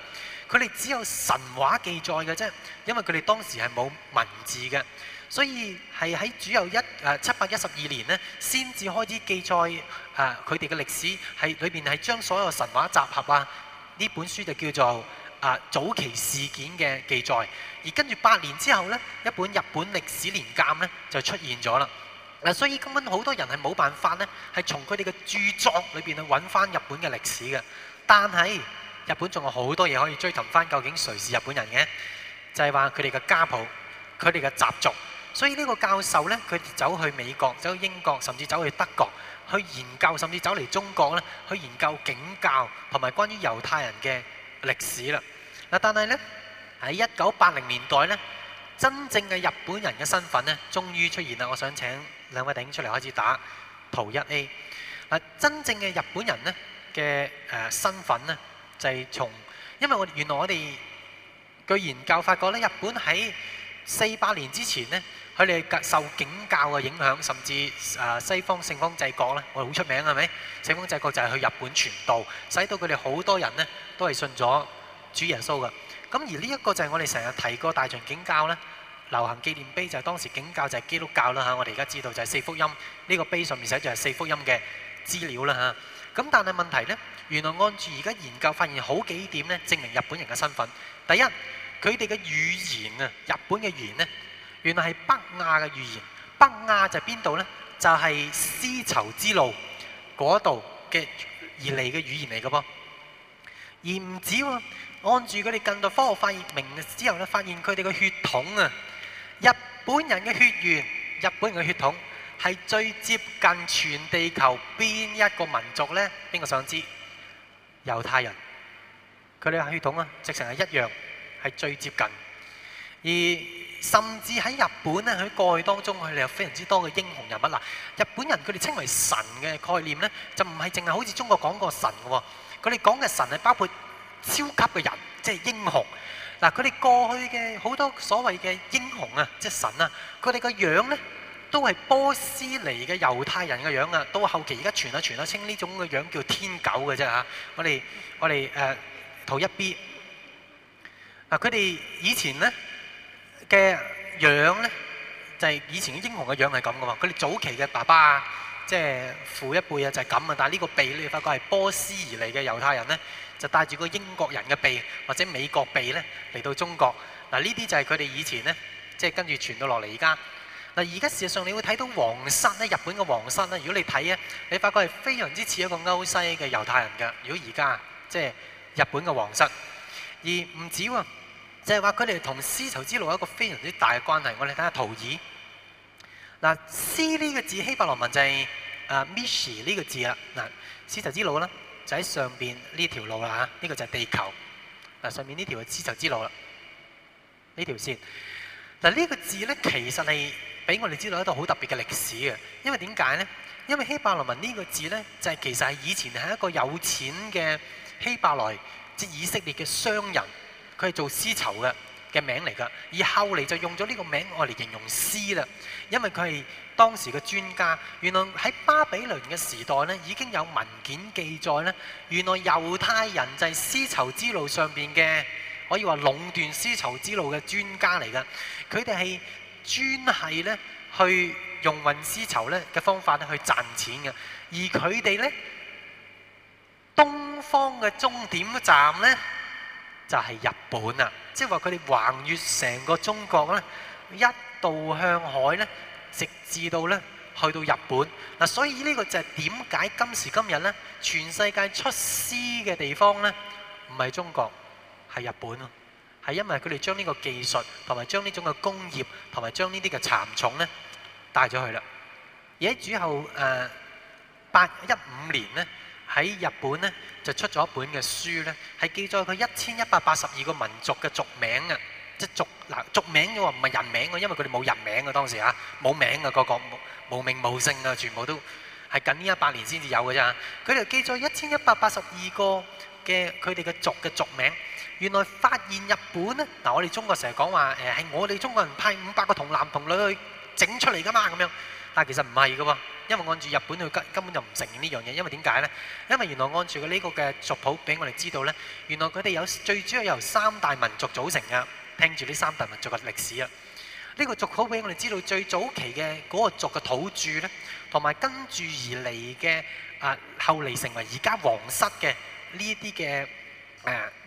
佢哋只有神話記載嘅啫，因為佢哋當時係冇文字嘅。所以係喺主後一誒七百一十二年咧，先至開始記載誒佢哋嘅歷史，係裏邊係將所有神話集合啊。呢本書就叫做誒早期事件嘅記載。而跟住八年之後呢，一本日本歷史年鑑咧就出現咗啦。嗱，所以根本好多人係冇辦法咧，係從佢哋嘅著作裏邊去揾翻日本嘅歷史嘅。但係日本仲有好多嘢可以追尋翻，究竟誰是日本人嘅？就係話佢哋嘅家譜、佢哋嘅習俗。所以呢個教授咧，佢走去美國，走去英國，甚至走去德國去研究，甚至走嚟中國咧去研究景教同埋關於猶太人嘅歷史啦。嗱，但係咧喺一九八零年代咧，真正嘅日本人嘅身份咧，終於出現啦。我想請兩位頂出嚟開始打圖一 A。嗱，真正嘅日本人咧嘅誒身份咧，就係從因為我原來我哋據研究發覺咧，日本喺四百年之前咧。佢哋受景教嘅影響，甚至啊西方聖光制國咧，我哋好出名係咪？聖光制國就係去日本傳道，使到佢哋好多人咧都係信咗主耶穌噶。咁而呢一個就係我哋成日提過大秦景教咧，流行紀念碑就係當時景教就係基督教啦吓。我哋而家知道就係四福音呢個碑上面寫住就係四福音嘅資料啦吓。咁但係問題咧，原來按住而家研究發現好幾點咧，證明日本人嘅身份。第一，佢哋嘅語言啊，日本嘅語言咧。原來係北亞嘅語言，北亞就係邊度呢？就係絲綢之路嗰度嘅而嚟嘅語言嚟嘅噃。而唔止按住佢哋近代科學發現明之後咧，發現佢哋嘅血統啊，日本人嘅血緣、日本人嘅血統係最接近全地球邊一個民族呢？邊個想知？猶太人佢哋嘅血統啊，直情係一樣，係最接近而。甚至喺日本咧，喺過去當中佢哋有非常之多嘅英雄人物嗱。日本人佢哋稱為神嘅概念咧，就唔係淨係好似中國講過神嘅喎。佢哋講嘅神係包括超級嘅人，即係英雄嗱。佢哋過去嘅好多所謂嘅英雄啊，即係神啊，佢哋個樣咧都係波斯尼嘅猶太人嘅樣啊。到後期而家傳啊傳啊，稱呢種嘅樣叫天狗嘅啫嚇。我哋我哋誒圖一 B 嗱，佢哋以前咧。嘅樣呢，就係以前嘅英雄嘅樣係咁嘅嘛。佢哋早期嘅爸爸，即係父一輩啊，就係咁啊。但係呢個鼻，你發覺係波斯而嚟嘅猶太人呢，就帶住個英國人嘅鼻或者美國鼻呢，嚟到中國。嗱，呢啲就係佢哋以前呢，即係跟住傳到落嚟而家。嗱，而家事實上你會睇到皇室咧，日本嘅皇室咧，如果你睇啊，你發覺係非常之似一個歐西嘅猶太人㗎。如果而家即係日本嘅皇室，而唔止喎。就係話佢哋同絲綢之路有一個非常之大嘅關係，我哋睇下圖二。嗱，絲呢個字希伯來文就係、是、啊 Michee 呢個字啦。嗱，絲綢之路啦，就喺上邊呢條路啦嚇，呢、啊這個就係地球。嗱，上面呢條係絲綢之路啦，呢條線。嗱呢、這個字咧，其實係俾我哋知道一個好特別嘅歷史嘅，因為點解咧？因為希伯來文呢個字咧，就係、是、其實係以前係一個有錢嘅希伯來即以色列嘅商人。佢係做絲綢嘅嘅名嚟㗎，而後嚟就用咗呢個名我嚟形容絲啦。因為佢係當時嘅專家，原來喺巴比倫嘅時代咧，已經有文件記載咧。原來猶太人就係絲綢之路上面嘅，可以話壟斷絲綢之路嘅專家嚟㗎。佢哋係專係咧去用運絲綢咧嘅方法咧去賺錢嘅，而佢哋咧東方嘅終點站咧，就係日本啦，即係話佢哋橫越成個中國咧，一度向海咧，直至到咧去到日本嗱，所以呢個就係點解今時今日咧，全世界出絲嘅地方咧，唔係中國係日本咯，係因為佢哋將呢個技術同埋將呢種嘅工業同埋將呢啲嘅蠶蟲咧帶咗去啦。而喺之後誒八一五年咧。喺日本咧就出咗一本嘅書咧，係記載佢一千一百八十二個民族嘅族名啊，即族嗱族名嘅喎，唔係人名嘅，因為佢哋冇人名嘅當時啊，冇名嘅個個冇名冇姓啊，全部都係近呢一百年先至有嘅咋，佢就記載一千一百八十二個嘅佢哋嘅族嘅族名，原來發現日本咧，嗱我哋中國成日講話誒係我哋中國人派五百個童男童女去整出嚟噶嘛咁樣。但其實唔係嘅喎，因為按住日本佢根根本就唔承認呢樣嘢，因為點解呢？因為原來按住嘅呢個嘅族譜俾我哋知道呢，原來佢哋有最主要由三大民族組成嘅，聽住呢三大民族嘅歷史啊！呢個族譜俾我哋知道最早期嘅嗰個族嘅土著呢，同埋跟住而嚟嘅啊，後嚟成為而家皇室嘅呢啲嘅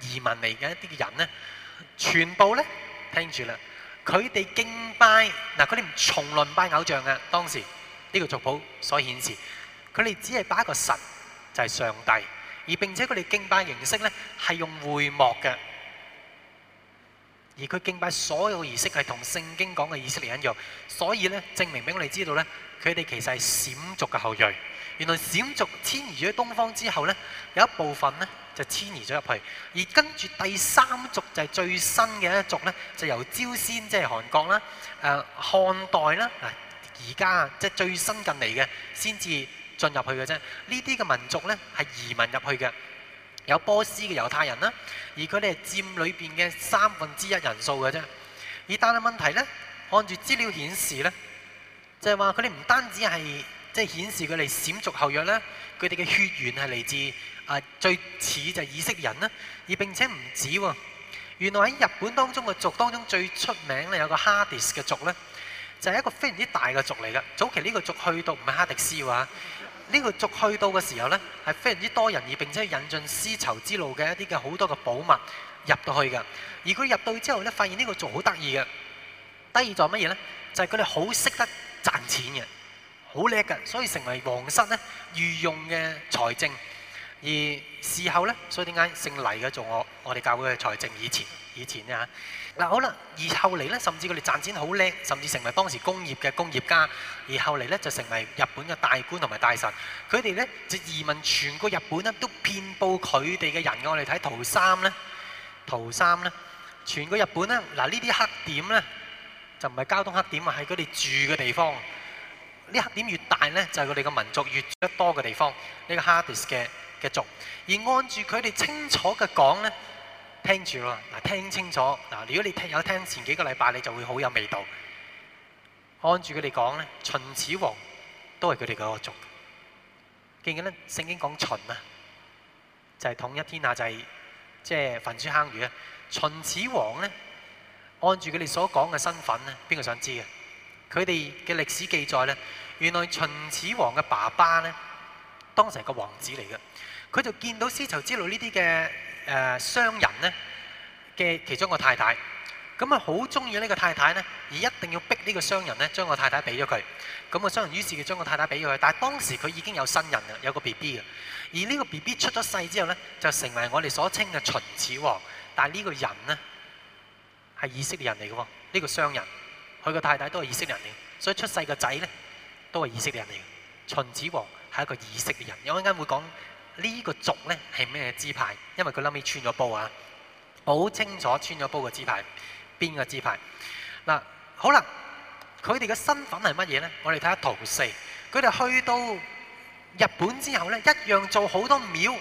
移民嚟嘅一啲嘅人呢，全部呢，聽住啦。佢哋敬拜嗱，佢哋唔重論拜偶像嘅，當時呢個族譜所顯示，佢哋只係拜一個神，就係上帝，而並且佢哋敬拜形式咧係用會幕嘅，而佢敬拜所有儀式係同聖經講嘅以色列一樣，所以咧證明俾我哋知道咧，佢哋其實係閃族嘅後裔。原來閃族遷移咗東方之後呢，有一部分呢就遷移咗入去，而跟住第三族就係最新嘅一族呢，就由朝鮮即係韓國啦、誒、呃、漢代啦、而家即係最新近嚟嘅先至進入去嘅啫。呢啲嘅民族呢係移民入去嘅，有波斯嘅猶太人啦，而佢哋係佔裏邊嘅三分之一人數嘅啫。而但係問題呢，看住資料顯示呢，就係話佢哋唔單止係。即係顯示佢哋閃族後裔呢，佢哋嘅血緣係嚟自啊最似就以色列人啦，而並且唔止喎。原來喺日本當中嘅族當中最出名咧，有一個哈迪斯嘅族呢，就係、是、一個非常之大嘅族嚟㗎。早期呢個族去到唔係哈迪斯話，呢、這個族去到嘅時候呢，係非常之多人，而並且引進絲綢之路嘅一啲嘅好多嘅寶物入到去嘅。而佢入到去之後呢，發現呢個族好得意嘅，得意在乜嘢呢？就係佢哋好識得賺錢嘅。好叻㗎，所以成為皇室咧御用嘅財政，而事後咧，所以點解姓黎嘅做我我哋教會嘅財政以前，以前啊嗱好啦，而後嚟咧，甚至佢哋賺錢好叻，甚至成為當時工業嘅工業家，而後嚟咧就成為日本嘅大官同埋大臣，佢哋咧就移民全個日本咧都遍佈佢哋嘅人，我哋睇圖三咧，圖三咧，全個日本咧嗱呢啲黑點咧就唔係交通黑點啊，係佢哋住嘅地方。呢黑點越大呢，就係佢哋個民族越多嘅地方，呢個哈蒂斯嘅嘅族。而按住佢哋清楚嘅講呢，聽住喎，嗱聽清楚，嗱如果你有聽前幾個禮拜，你就會好有味道。按住佢哋講呢，秦始皇都係佢哋個族。記緊咧，聖經講秦啊，就係統一天下，就係即係焚書坑儒啊。秦始皇呢，按住佢哋所講嘅身份呢，邊個想知嘅？佢哋嘅歷史記載呢，原來秦始皇嘅爸爸呢，當時係個王子嚟嘅。佢就見到絲綢之路呢啲嘅誒商人呢嘅其中一個太太，咁啊好中意呢個太太呢，而一定要逼呢個商人呢將個太太俾咗佢。咁啊商人於是就將個太太俾咗佢，但係當時佢已經有新人喇，有個 B B 嘅。而呢個 B B 出咗世之後呢，就成為我哋所稱嘅秦始皇。但係呢個人呢，係以色列人嚟嘅，呢個商人。佢個太太都係以色列人嚟，所以出世個仔咧都係以色列人嚟。秦始皇係一個以色列人，有陣間會講呢個族咧係咩支派，因為佢臨尾穿咗煲，啊，了煲啊，好清楚穿咗煲個支派邊個支派。嗱，好啦，佢哋嘅身份係乜嘢咧？我哋睇下圖四，佢哋去到日本之後咧，一樣做好多廟，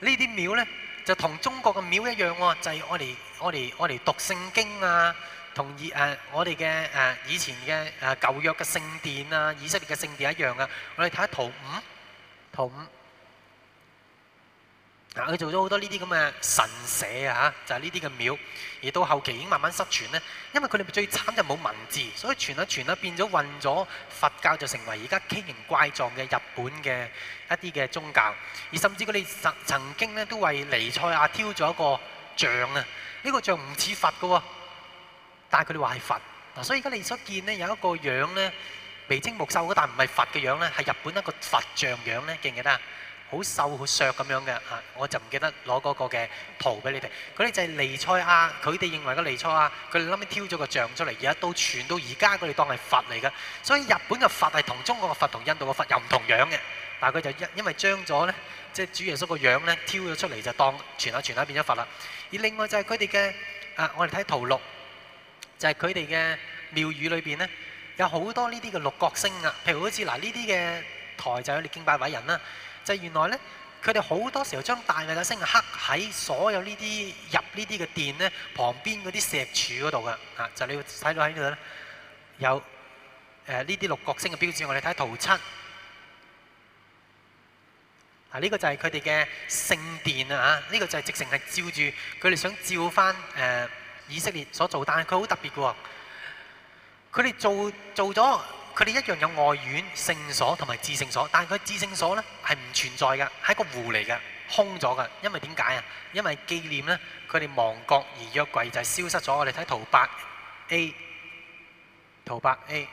這些廟呢啲廟咧就同中國嘅廟一樣喎，就係我哋我哋我哋讀聖經啊。同以誒我哋嘅誒以前嘅誒舊約嘅聖殿啊，以色列嘅聖殿一樣啊，我哋睇下圖五，圖五，嗱佢做咗好多呢啲咁嘅神社啊嚇，就係呢啲嘅廟，而到後期已經慢慢失傳咧，因為佢哋最慘就係冇文字，所以傳啊傳啊變咗混咗，佛教就成為而家畸形怪狀嘅日本嘅一啲嘅宗教，而甚至佢哋曾曾經咧都為尼賽亞挑咗一個像啊，呢個像唔似佛噶喎。但係佢哋話係佛嗱，所以而家你所見咧有一個樣咧眉清目秀嗰，但唔係佛嘅樣咧，係日本一個佛像樣咧，記唔記得啊？好瘦好削咁樣嘅啊，我就唔記得攞嗰個嘅圖俾你哋。嗰啲就係尼賽亞，佢哋認為個尼賽亞，佢哋諗起挑咗個像出嚟，而家都傳到而家，佢哋當係佛嚟嘅。所以日本嘅佛係同中國嘅佛同印度嘅佛又唔同樣嘅，但係佢就因因為將咗咧即係主耶穌個樣咧挑咗出嚟，就當傳下傳下變咗佛啦。而另外就係佢哋嘅啊，我哋睇圖六。就係佢哋嘅廟宇裏邊咧，有好多呢啲嘅六角星啊，譬如好似嗱呢啲嘅台就係你敬拜偉人啦。就係原來咧，佢哋好多時候將大衛嘅星刻喺所有這些這些呢啲入呢啲嘅殿咧，旁邊嗰啲石柱嗰度噶啊，就你會睇到喺呢度咧有誒呢啲六角星嘅標誌，我哋睇圖七啊，呢、這個就係佢哋嘅聖殿啊，呢、這個就係直情係照住佢哋想照翻誒。呃以色列所做，但係佢好特別嘅喎，佢哋做做咗，佢哋一樣有外院、聖所同埋至聖所，但係佢至聖所咧係唔存在嘅，係個湖嚟嘅，空咗嘅，因為點解啊？因為紀念咧，佢哋亡國而約櫃就係消失咗。我哋睇圖八 A，圖八 A。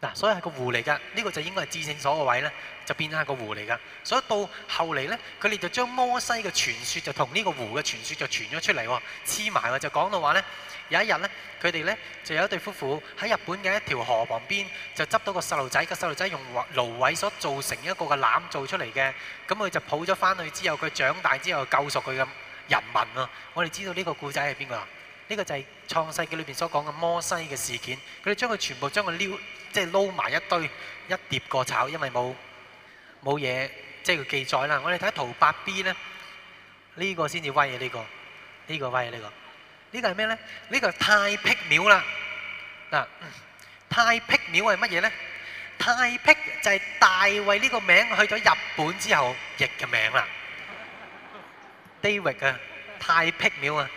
嗱、啊，所以係個湖嚟㗎。呢個就應該係智性所個位咧，就變咗係個湖嚟㗎。所以到後嚟呢，佢哋就將摩西嘅傳説就同呢個湖嘅傳説就傳咗出嚟，黐埋喎就講到話呢，有一日呢，佢哋呢就有一對夫婦喺日本嘅一條河旁邊就執到個細路仔，個細路仔用蘆葦所做成一個嘅籃做出嚟嘅，咁佢就抱咗返去之後，佢長大之後救贖佢嘅人民啊！我哋知道呢個故仔係邊個啊？呢個就係創世紀裏邊所講嘅摩西嘅事件。佢哋將佢全部將佢撩。即係撈埋一堆一疊過炒，因為冇冇嘢，即係佢記載啦。我哋睇圖八 B 咧，呢個先至威啊！呢個呢個威啊！呢個呢個係咩咧？呢個太僻廟啦。嗱，太僻廟係乜嘢咧？太僻就係大衛呢個名去咗日本之後譯嘅名啦。David 啊，太僻廟啊。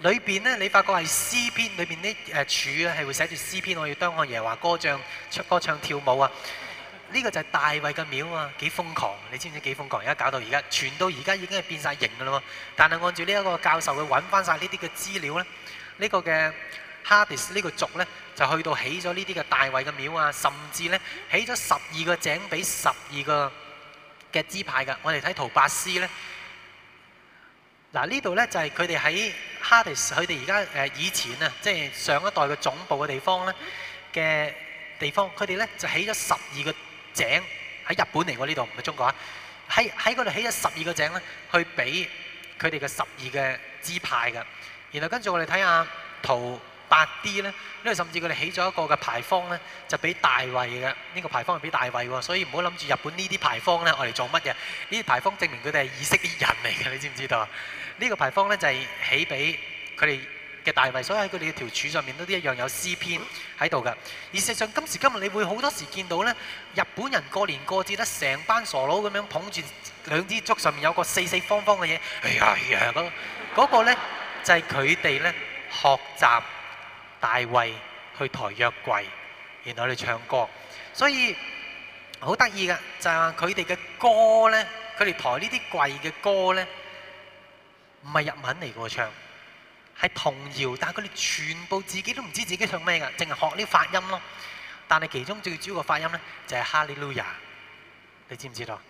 裏邊咧，你發覺係詩篇裏邊啲誒柱咧，係會寫住詩篇，我要當我耶和華歌將出歌唱跳舞啊！呢、這個就係大衛嘅廟啊，幾瘋狂！你知唔知幾瘋狂？而家搞到而家傳到而家已經係變晒形噶啦喎！但係按照呢一個教授去揾翻晒呢啲嘅資料咧，呢、這個嘅哈迪斯呢個族咧，就去到起咗呢啲嘅大衛嘅廟啊，甚至咧起咗十二個井俾十二個嘅支派嘅。我哋睇圖八斯咧。嗱、啊、呢度咧就係佢哋喺 Hardis 佢哋而家誒以前啊，即係上一代嘅總部嘅地方咧嘅地方，佢哋咧就起咗十二個井喺日本嚟，我呢度唔係中國啊！喺喺嗰度起咗十二個井咧，去俾佢哋嘅十二嘅支派嘅。然後跟住我哋睇下圖八 D 咧，呢度甚至佢哋起咗一個嘅牌坊咧，就俾大衛嘅呢個牌坊係俾大衛喎、這個，所以唔好諗住日本呢啲牌坊咧，我嚟做乜嘢？呢啲牌坊證明佢哋係以色列人嚟嘅，你知唔知道啊？呢個牌坊咧就係起俾佢哋嘅大衛，所以喺佢哋嘅條柱上面都一樣有詩篇喺度嘅。而事實上今時今日，你會好多時見到咧，日本人過年過節咧，成班傻佬咁樣捧住兩支竹上面有個四四方方嘅嘢，哎呀，嗰嗰個咧就係佢哋咧學習大衛去抬約櫃，然後嚟唱歌。所以好得意嘅就係話佢哋嘅歌咧，佢哋抬呢啲櫃嘅歌咧。唔係日文嚟個唱係童謠，但係佢哋全部自己都唔知自己唱咩㗎，淨係學呢啲發音咯。但係其中最主要個發音咧就係哈利路亞，你知唔知道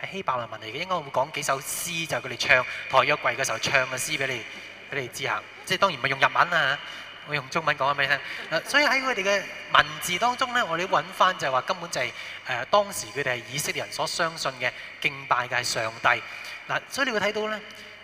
係希伯來文嚟嘅？應該會講幾首詩，就佢、是、哋唱抬約櫃嘅時候唱嘅詩俾你，俾你哋知下。即係當然唔係用日文啦，我用中文講下俾你聽。嗱，所以喺佢哋嘅文字當中咧，我哋揾翻就係話根本就係、是、誒、呃、當時佢哋係以色列人所相信嘅敬拜嘅係上帝嗱、呃，所以你會睇到咧。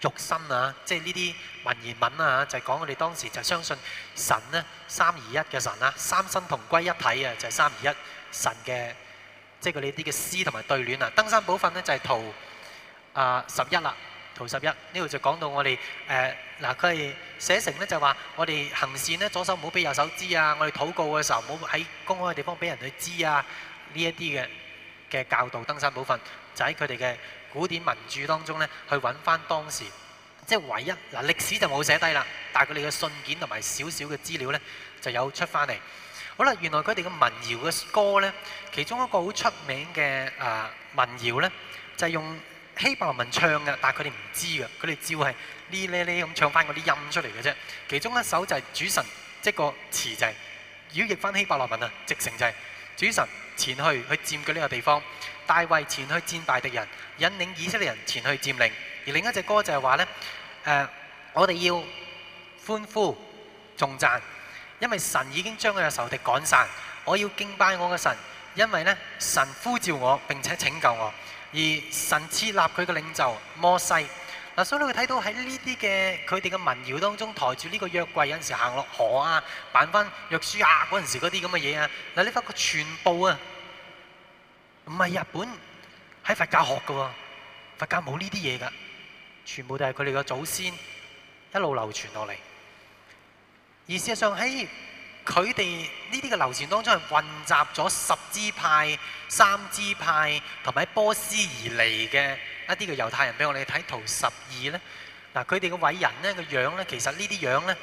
肉身啊，即係呢啲文言文啊，就係講我哋當時就相信神咧，三而一嘅神啦，三身同歸一體啊，就係三而一神嘅，即係佢哋啲嘅詩同埋對聯啊。登山寶訓咧就係圖啊十一啦，圖十一呢度就講到我哋誒，嗱佢係寫成咧，就話我哋行善咧，左手唔好俾右手知啊，我哋禱告嘅時候唔好喺公開嘅地方俾人哋知啊，呢一啲嘅嘅教導登山寶訓就喺佢哋嘅。古典文著當中咧，去揾翻當時，即係唯一。嗱，歷史就冇寫低啦，但係佢哋嘅信件同埋少少嘅資料咧，就有出翻嚟。好啦，原來佢哋嘅民謠嘅歌咧，其中一個好出名嘅啊民謠咧，就係用希伯來文唱嘅，但係佢哋唔知嘅，佢哋只會係呢呢呢咁唱翻嗰啲音出嚟嘅啫。其中一首就係主神，即係個詞就係，如果譯翻希伯來文啊，直成就係主神前去去佔據呢個地方。大衛前去戰敗敵人，引領以色列人前去佔領。而另一隻歌就係話呢：呃「誒，我哋要歡呼、頌讚，因為神已經將佢嘅仇敵趕散。我要敬拜我嘅神，因為呢，神呼召我，並且拯救我。而神設立佢嘅領袖摩西。嗱、啊，所以你會睇到喺呢啲嘅佢哋嘅民謠當中，抬住呢個約櫃有陣時行落河啊，扮翻約書亞，嗰陣時嗰啲咁嘅嘢啊。嗱，呢發覺全部啊！唔係日本喺佛教學嘅喎，佛教冇呢啲嘢噶，全部都係佢哋嘅祖先一路流傳落嚟。而事實上喺佢哋呢啲嘅流傳當中係混雜咗十支派、三支派同埋波斯而嚟嘅一啲嘅猶太人，俾我哋睇 圖十二咧。嗱，佢哋嘅偉人咧嘅樣咧，其實這些子呢啲樣咧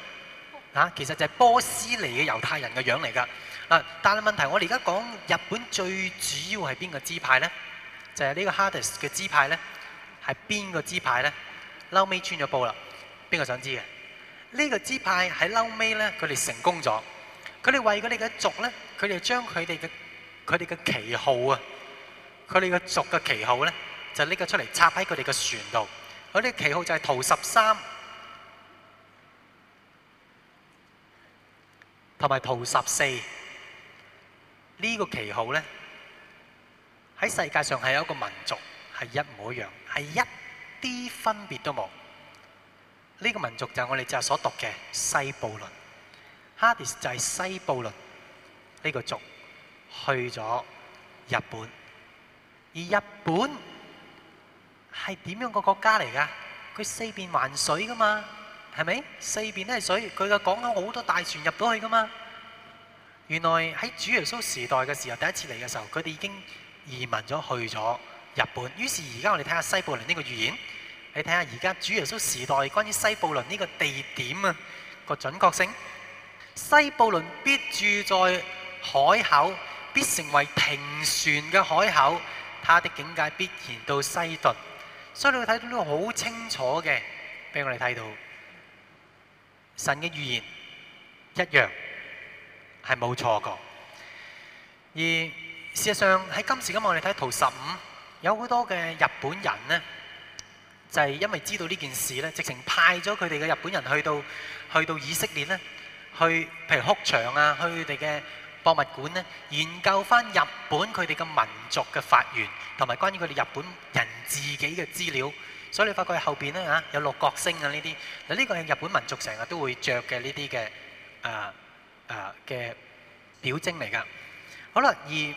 啊，其實就係波斯嚟嘅猶太人嘅樣嚟噶。但係問題，我哋而家講日本最主要係邊個支派咧？就係呢個 Hard 嘅支派咧，係邊個支派咧？撈尾穿咗布啦，邊個想知嘅？呢個支派喺撈尾咧，佢哋成功咗，佢哋為佢哋嘅族咧，佢哋將佢哋嘅佢哋嘅旗號啊，佢哋嘅族嘅旗號咧，就拎咗出嚟插喺佢哋嘅船度，佢哋嘅旗號就係圖十三同埋圖十四。呢個旗號咧，喺世界上係有一個民族係一模樣，係一啲分別都冇。呢、呢個民族就係我哋今日所讀嘅西布倫，哈迪斯就係西布倫呢個族去咗日本，而日本係點樣個國家嚟㗎？佢四邊環水㗎嘛，係咪？四邊都係水，佢嘅港口好多大船入到去㗎嘛。原來喺主耶穌時代嘅時候，第一次嚟嘅時候，佢哋已經移民咗去咗日本。於是而家我哋睇下西布倫呢個預言，你睇下而家主耶穌時代關於西布倫呢個地點啊個準確性。西布倫必住在海口，必成為停船嘅海口。它的境界必然到西頓。所以你會睇到呢個好清楚嘅，俾我哋睇到神嘅預言一樣。係冇錯過，而事實上喺今時今日，我哋睇圖十五，有好多嘅日本人呢，就係因為知道呢件事呢，直情派咗佢哋嘅日本人去到去到以色列呢，去譬如哭牆啊，去佢哋嘅博物館呢，研究翻日本佢哋嘅民族嘅發源，同埋關於佢哋日本人自己嘅資料。所以你發覺後邊呢嚇有六角星啊呢啲，嗱呢個係日本民族成日都會著嘅呢啲嘅啊。嘅、uh，表徵嚟噶，好啦，而呢、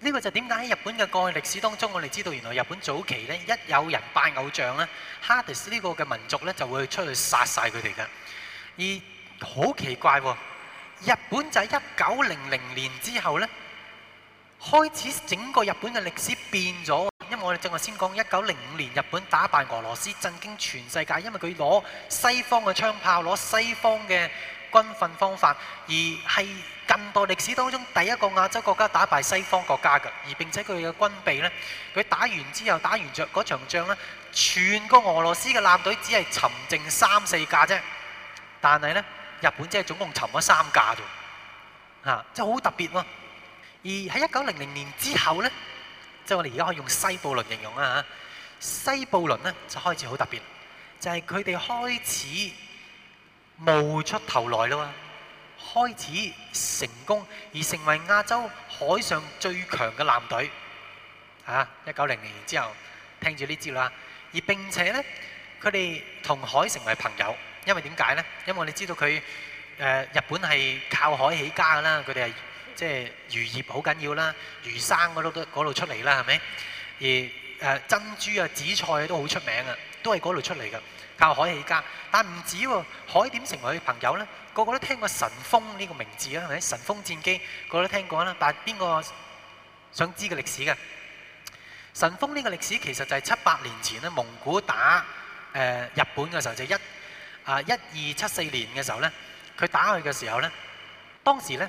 呢個就點解喺日本嘅過去歷史當中，我哋知道原來日本早期咧，一有人拜偶像咧，哈迪斯呢個嘅民族咧就會出去殺晒佢哋嘅。而好奇怪喎、哦，日本就喺一九零零年之後咧。開始整個日本嘅歷史變咗，因為我哋正話先講一九零五年日本打敗俄羅斯，震驚全世界。因為佢攞西方嘅槍炮，攞西方嘅軍訓方法，而係近代歷史當中第一個亞洲國家打敗西方國家嘅。而並且佢嘅軍備呢，佢打完之後打完仗嗰場仗呢，全個俄羅斯嘅艦隊只係沉剩三四架啫，但係呢，日本即係總共沉咗三架啫、啊，吓，即係好特別喎、啊。而喺一九零零年之後咧，即係我哋而家可以用西布倫形容啦嚇。西布倫咧就開始好特別，就係佢哋開始冒出頭來咯，開始成功而成為亞洲海上最強嘅艦隊嚇。一九零零年之後，聽住呢招啦。而並且咧，佢哋同海成為朋友，因為點解咧？因為我哋知道佢誒日本係靠海起家㗎啦，佢哋係。即係漁業好緊要啦，魚生嗰度都嗰度出嚟啦，係咪？而誒珍珠啊、紫菜啊都好出名啊，都係嗰度出嚟㗎，靠海起家。但唔止喎，海點成為朋友咧？個個都聽過神風呢個名字啦，係咪？神風戰機個個都聽過啦，但邊個想知嘅歷史嘅？神風呢個歷史其實就係七八年前咧，蒙古打誒日本嘅時候，就一啊一二七四年嘅時候咧，佢打去嘅時候咧，當時咧。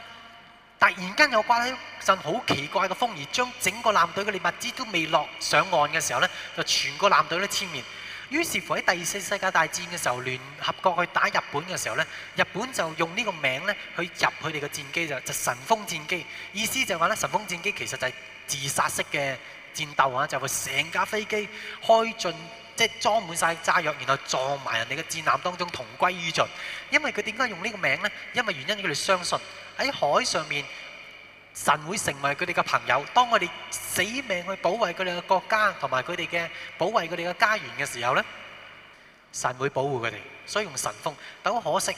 突然間又刮起陣好奇怪嘅風，而將整個艦隊嘅獵物資都未落上岸嘅時候呢，就全個艦隊都殲滅。於是乎喺第二次世界大戰嘅時候，聯合國去打日本嘅時候呢，日本就用呢個名字呢去入佢哋嘅戰機就就是、神風戰機。意思就係話呢神風戰機其實就係自殺式嘅戰鬥啊，就會、是、成架飛機開進即係裝滿晒炸藥，然後撞埋人哋嘅戰艦當中同歸於盡。因為佢點解用呢個名字呢？因為原因佢哋相信。喺海上面，神會成為佢哋嘅朋友。當我哋死命去保衛佢哋嘅國家，同埋佢哋嘅保衛佢哋嘅家園嘅時候咧，神會保護佢哋。所以用神風，但好可惜，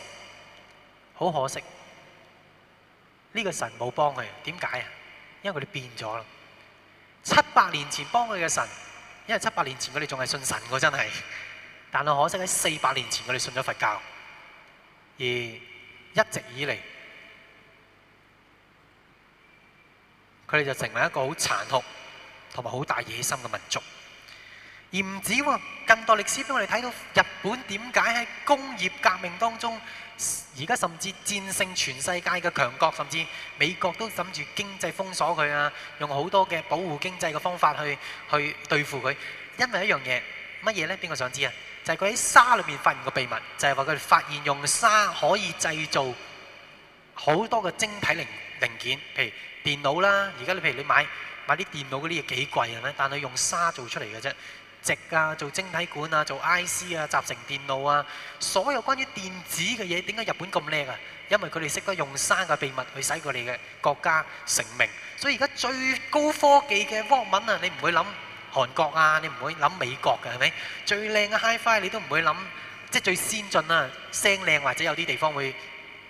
好可惜，呢個神冇幫佢。點解啊？因為佢哋變咗啦。七百年前幫佢嘅神，因為七百年前佢哋仲係信神嘅，真係。但係可惜喺四百年前，我哋信咗佛教，而一直以嚟。佢哋就成為一個好殘酷同埋好大野心嘅民族，而唔止喎，更多歷史俾我哋睇到日本點解喺工業革命當中，而家甚至戰勝全世界嘅強國，甚至美國都諗住經濟封鎖佢啊，用好多嘅保護經濟嘅方法去去對付佢，因為一樣嘢，乜嘢呢？邊個想知啊？就係佢喺沙裏面發現個秘密，就係話佢哋發現用沙可以製造好多嘅晶體靈，零件，譬如電腦啦，而家你譬如你買買啲電腦嗰啲嘢幾貴啊？但係用砂做出嚟嘅啫，值啊，做晶體管啊，做 IC 啊，集成電腦啊，所有關於電子嘅嘢，點解日本咁叻啊？因為佢哋識得用砂嘅秘密去使佢哋嘅國家成名，所以而家最高科技嘅 Walkman 啊，你唔會諗韓國啊，你唔會諗美國嘅係咪？最靚嘅 HiFi 你都唔會諗，即係最先進啊，聲靚或者有啲地方會。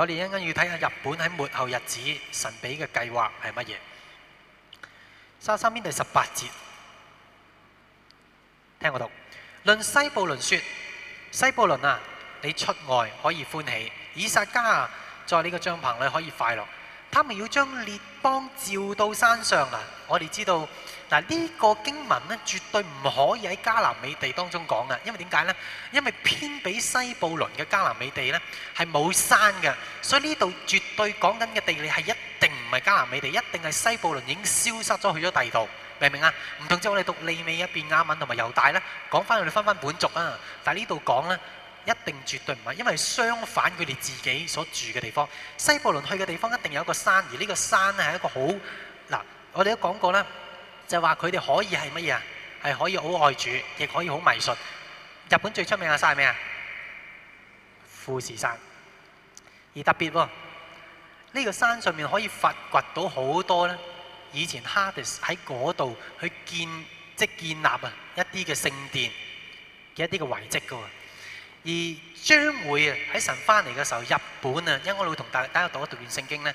我哋啱啱要睇下日本喺末後日子神俾嘅計劃係乜嘢？沙下篇第十八節，聽我讀。論西布倫說：西布倫啊，你出外可以歡喜；以薩迦啊，在呢個帳棚裏可以快樂。他們要將列邦召到山上啊！我哋知道。嗱，呢個經文咧，絕對唔可以喺迦南美地當中講噶，因為點解咧？因為偏比西布倫嘅迦南美地咧，係冇山嘅，所以呢度絕對講緊嘅地理係一定唔係迦南美地，一定係西布倫已經消失咗去咗第二度，明唔明啊？唔同之後我哋讀利未入邊亞文同埋猶大咧，講翻我哋翻翻本族啊，但係呢度講咧，一定絕對唔係，因為相反佢哋自己所住嘅地方，西布倫去嘅地方一定有個山，而呢個山咧係一個好嗱，我哋都講過啦。就話佢哋可以係乜嘢？係可以好愛主，亦可以好迷信。日本最出名嘅山係咩啊？富士山。而特別喎，呢、這個山上面可以發掘到好多咧，以前哈迪斯喺嗰度去建，即、就是、建立啊一啲嘅聖殿嘅一啲嘅遺跡嘅喎。而將會啊喺神返嚟嘅時候，日本啊，因為我老同大大家讀一段聖經咧。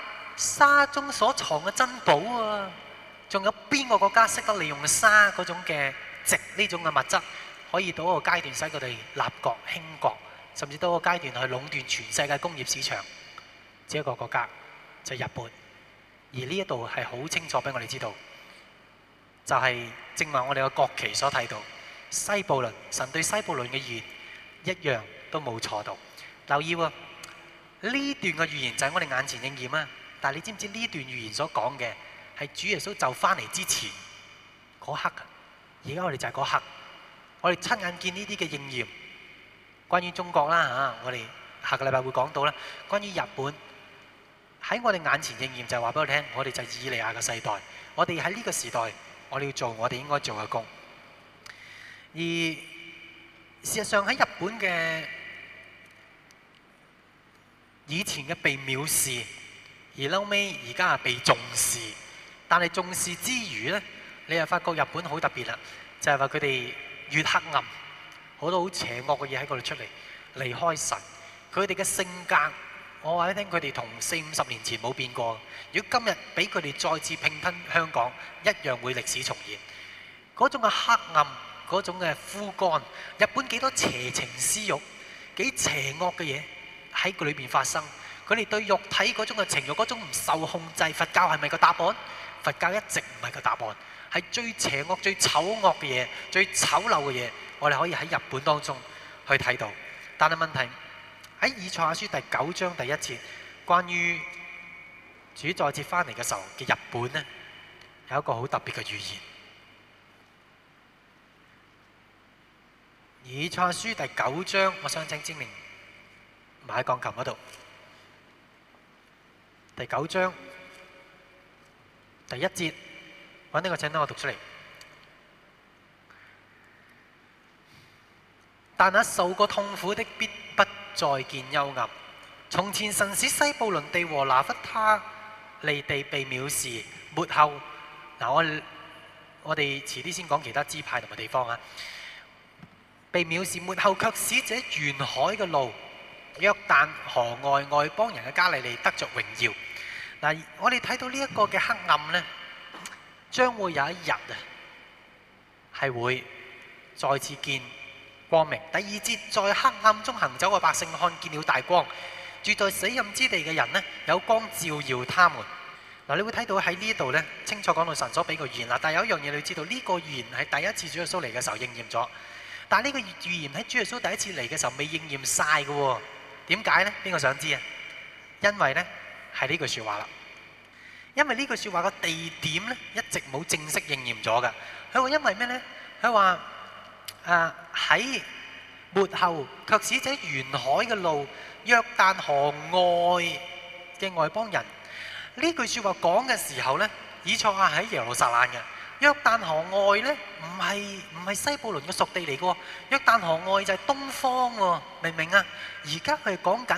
沙中所藏嘅珍寶啊！仲有，邊個國家識得利用沙嗰種嘅值呢種嘅物質，可以到一個階段使佢哋立國興國，甚至到一個階段去壟斷全世界工業市場？只一個國家就日本，而呢一度係好清楚俾我哋知道，就係正話我哋個國旗所睇到，西布倫神對西布倫嘅預言一樣都冇錯到。留意呢段嘅預言就喺我哋眼前應驗啊！但係你知唔知呢段預言所講嘅係主耶穌就翻嚟之前嗰刻啊！而家我哋就係嗰刻，我哋親眼見呢啲嘅應驗。關於中國啦吓，我哋下個禮拜會講到啦。關於日本喺我哋眼前應驗，就係話俾我聽，我哋就係以利亞嘅世代，我哋喺呢個時代，我哋要做我哋應該做嘅工。而事實上喺日本嘅以前嘅被藐視。而後尾而家啊被重視，但係重視之餘呢，你又發覺日本好特別啦，就係話佢哋越黑暗，好多好邪惡嘅嘢喺嗰度出嚟，離開神，佢哋嘅性格，我話一聽佢哋同四五十年前冇變過。如果今日俾佢哋再次併吞香港，一樣會歷史重現。嗰種嘅黑暗，嗰種嘅枯乾，日本幾多邪情私慾，幾邪惡嘅嘢喺佢裏邊發生。佢哋對肉體嗰種嘅情慾，嗰種唔受控制，佛教係咪個答案？佛教一直唔係個答案，係最邪惡、最醜惡嘅嘢，最醜陋嘅嘢。我哋可以喺日本當中去睇到，但係問題喺以賽亞書第九章第一節，關於主再次翻嚟嘅時候嘅日本呢，有一個好特別嘅預言。以賽亞書第九章，我想請證明埋喺鋼琴嗰度。第九章第一節，揾呢個請等我讀出嚟。但那受過痛苦的，必不再見幽暗。從前神使西布倫地和拿弗他利地被藐視，末後嗱、啊、我我哋遲啲先講其他支派同埋地方啊。被藐視末後卻使這沿海嘅路，約旦河外外邦人嘅加利利得着榮耀。嗱，我哋睇到呢一個嘅黑暗咧，將會有一日啊，係會再次見光明。第二節，在黑暗中行走嘅百姓看見了大光，住在死蔭之地嘅人呢，有光照耀他們。嗱，你會睇到喺呢度咧，清楚講到神所俾嘅預言啦。但係有一樣嘢你知道，呢、這個預言係第一次主耶穌嚟嘅時候應驗咗，但係呢個預言喺主耶穌第一次嚟嘅時候未應驗晒嘅喎。點解咧？邊個想知啊？因為咧。係呢句説話啦，因為呢句説話個地點咧，一直冇正式應驗咗嘅。佢話因為咩咧？佢話誒，喺末後卻使者沿海嘅路，約但河外嘅外邦人。呢句説話講嘅時候咧，以賽亞喺耶路撒冷嘅。約但河外咧，唔係唔係西布倫嘅屬地嚟嘅喎，約但河外就係東方喎，明唔明啊？而家佢哋講緊。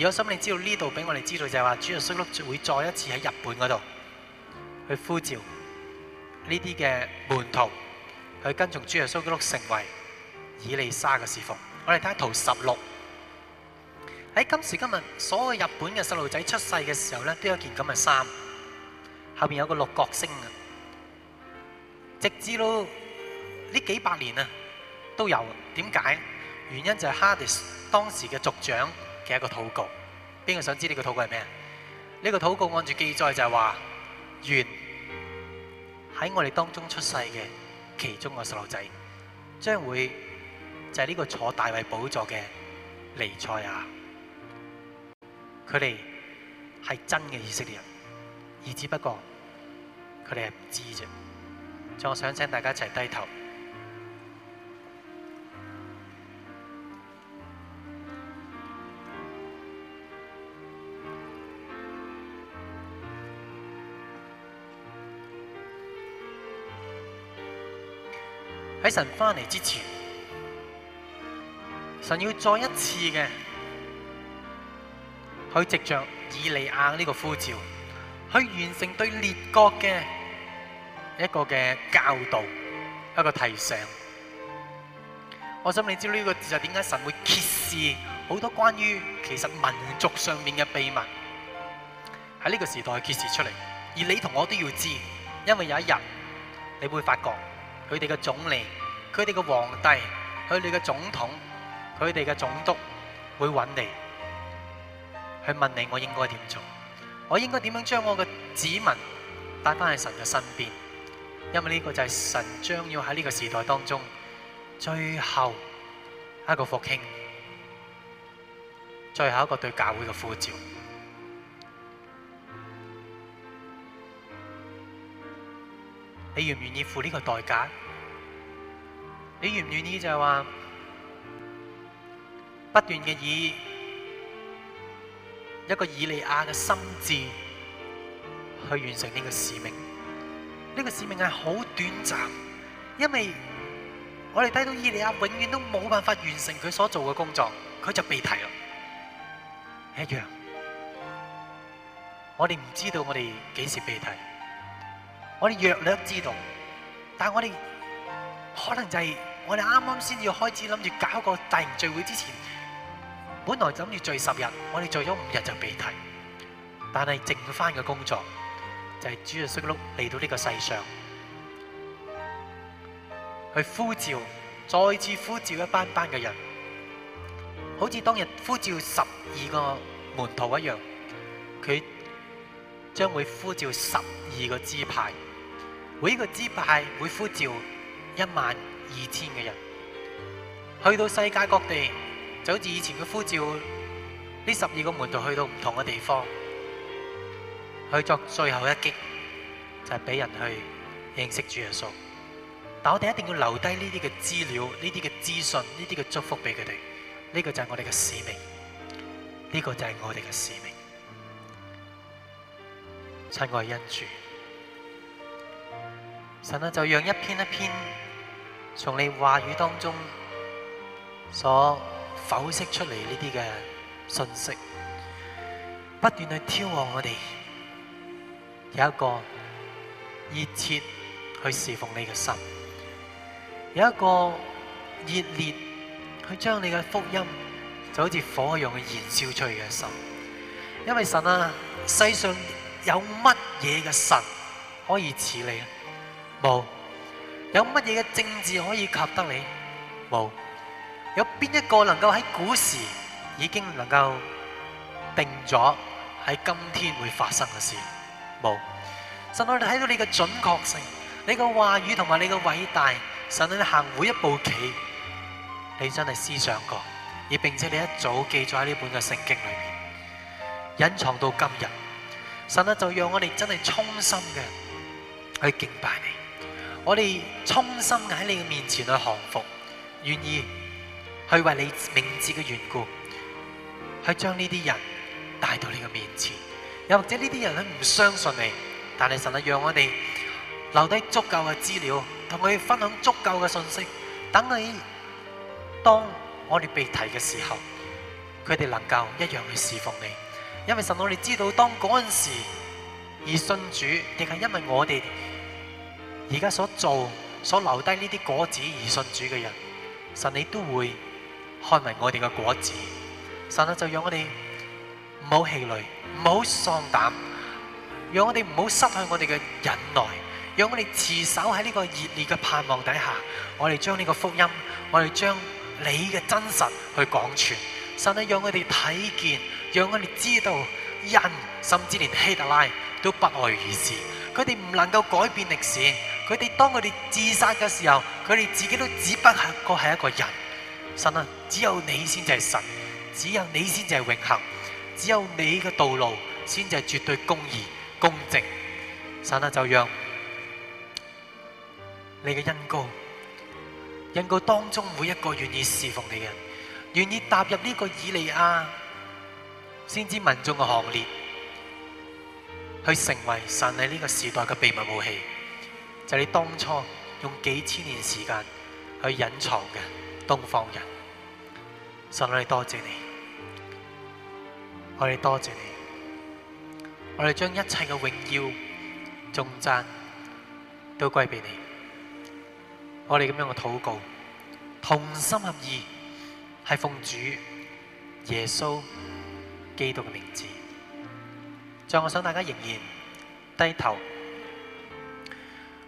而我想，你知道呢度俾我哋知道就係話，主耶穌基督會再一次喺日本嗰度去呼召呢啲嘅門徒去跟從主耶穌基督成為以利沙嘅侍奉。我哋睇下圖十六，喺今時今日，所有日本嘅細路仔出世嘅時候咧，都有一件咁嘅衫，後面有個六角星啊。直至到呢幾百年啊，都有啊。點解？原因就係哈迪斯當時嘅族長。嘅一個禱告，邊個想知呢個禱告係咩啊？呢、這個禱告按住記載就係話，願喺我哋當中出世嘅其中個細路仔，將會就係呢個坐大衛寶座嘅尼賽亞，佢哋係真嘅以色列人，而只不過佢哋係唔知啫。仲我想請大家一齊低頭。神翻嚟之前，神要再一次嘅去藉着以利亞呢個呼召，去完成對列國嘅一個嘅教導，一個提醒。我想你知道呢個字就點解神會揭示好多關於其實民族上面嘅秘密喺呢個時代揭示出嚟，而你同我都要知，因為有一日你會發覺佢哋嘅總理。佢哋嘅皇帝，佢哋嘅總統，佢哋嘅總督會找你，會揾你去問你，我應該點做？我應該點樣將我嘅子民帶翻去神嘅身邊？因為呢個就係神將要喺呢個時代當中最後一個復興，最後一個對教會嘅呼召。你願唔願意付呢個代價？你願唔願意就係話不斷嘅以一個以利亞嘅心智去完成呢個使命？呢個使命係好短暫，因為我哋低到以利亞永遠都冇辦法完成佢所做嘅工作，佢就被提啦一樣，我哋唔知道我哋幾時被提，我哋略略知道，但我哋可能就係、是。我哋啱啱先要開始諗住搞個大型聚會之前，本來諗住聚十日，我哋做咗五日就俾停，但係剩翻嘅工作就係主耶穌嚟到呢個世上，去呼召，再次呼召一班班嘅人，好似當日呼召十二個門徒一樣，佢將會呼召十二個支派，每一個支派會呼召一萬。二千嘅人去到世界各地，就好似以前嘅呼召，呢十二個門徒就去到唔同嘅地方，去作最後一擊，就係、是，俾人去認識主耶穌。但我哋一定要留低呢啲嘅資料、呢啲嘅資訊、呢啲嘅祝福俾佢哋，呢、這個就係我哋嘅使命，呢、這個就係我哋嘅使命。親愛的恩主，神啊，就讓一篇一篇。從你話語當中所剖析出嚟呢啲嘅信息，不斷去挑旺我哋有一個熱切去侍奉你嘅心，有一個熱烈去將你嘅福音就好似火一樣去燃燒出來嘅心，因為神啊，世上有乜嘢嘅神可以似你啊？冇。有乜嘢嘅政治可以及得你？冇。有邊一個能夠喺古時已經能夠定咗喺今天會發生嘅事？冇。神啊！我哋睇到你嘅準確性，你嘅話語同埋你嘅偉大，神啊！你行每一步棋，你真係思想過，而並且你一早記咗喺呢本嘅聖經裏面，隱藏到今日，神啊！就讓我哋真係衷心嘅去敬拜你。我哋衷心喺你嘅面前去降服，願意去為你名字嘅緣故，去將呢啲人帶到你嘅面前。又或者呢啲人咧唔相信你，但係神啊，讓我哋留低足夠嘅資料，同佢分享足夠嘅信息，等你當我哋被提嘅時候，佢哋能夠一樣去侍奉你。因為神，我哋知道當嗰陣時而信主，定係因為我哋。而家所做、所留低呢啲果子而信主嘅人，神你都會看為我哋嘅果子。神啊，就讓我哋唔好氣餒，唔好喪膽，讓我哋唔好失去我哋嘅忍耐，讓我哋持守喺呢個熱烈嘅盼望底下，我哋將呢個福音，我哋將你嘅真實去廣傳。神啊，讓我哋睇見，讓我哋知道，人甚至連希特拉都不外如是，佢哋唔能夠改變歷史。佢哋當佢哋自殺嘅時候，佢哋自己都只不過係一個人。神啊，只有你先至係神，只有你先至係永恒，只有你嘅道路先至係絕對公義、公正。神啊，就讓你嘅恩膏，恩膏當中每一個願意侍奉你嘅人，願意踏入呢個以利亞先知民眾嘅行列，去成為神喺呢個時代嘅秘密武器。就係你當初用幾千年時間去隱藏嘅東方人，神，我哋多謝你，我哋多謝你，我哋將一切嘅榮耀頌讚都歸俾你，我哋咁樣嘅禱告，同心合意係奉主耶穌基督嘅名字。在我想大家仍然低頭。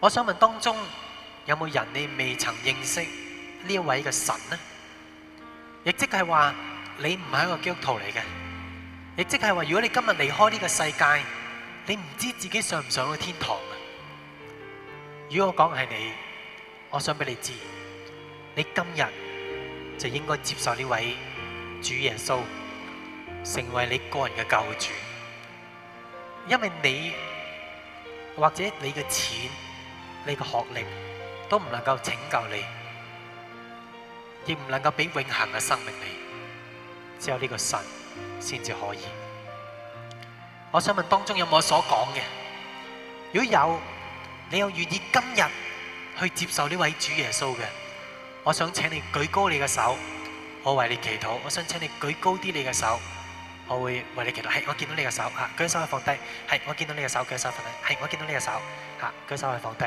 我想問當中有冇有人你未曾認識呢位嘅神呢？亦即是說你唔是一個基督徒嚟嘅，亦即係話如果你今日離開呢個世界，你唔知道自己上唔上到天堂。如果我說係你，我想給你知，你今日就應該接受呢位主耶穌，成為你個人嘅救主，因為你或者你嘅錢。你個學歷都唔能夠拯救你，亦唔能夠俾永恆嘅生命你，只有呢個神先至可以。我想問當中有冇我所講嘅？如果有，你有願意今日去接受呢位主耶穌嘅？我想請你舉高你嘅手，我為你祈禱。我想請你舉高啲你嘅手，我會為你祈禱。係，我見到你嘅手，吓、啊，舉手可以放低。係，我見到你嘅手，舉手放低。我見到你嘅手，吓，舉手放低。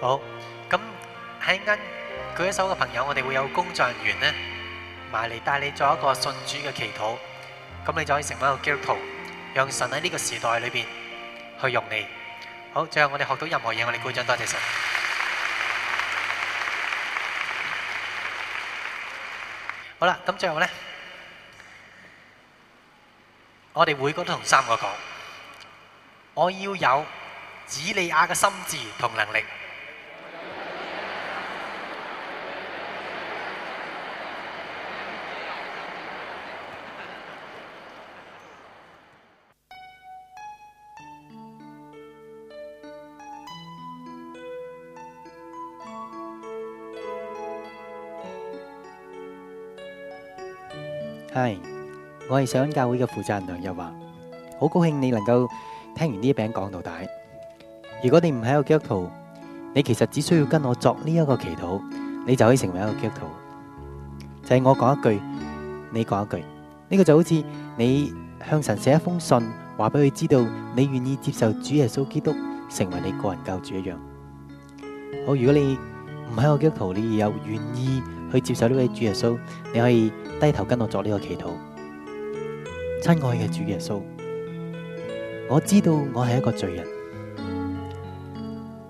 好，咁喺間舉一手嘅朋友，我哋會有工作人員咧，埋嚟帶你做一個信主嘅祈禱，咁你就可以成為一個基督徒，讓神喺呢個時代裏邊去用你。好，最後我哋學到任何嘢，我哋鼓掌，多謝神。好啦，咁最後咧，我哋每個都同三個講，我要有。子莉亞嘅心智同能力係。我係上緊教會嘅負責人梁日華，好高興你能夠聽完呢一餅講到底。如果你唔喺一個基督徒，你其實只需要跟我作呢一個祈禱，你就可以成為一個基督徒。就係、是、我講一句，你講一句，呢、這個就好似你向神寫一封信，話俾佢知道你願意接受主耶穌基督成為你個人救主一樣。好，如果你唔喺個基督徒，你有願意去接受呢位主耶穌，你可以低頭跟我作呢個祈禱。親愛嘅主耶穌，我知道我係一個罪人。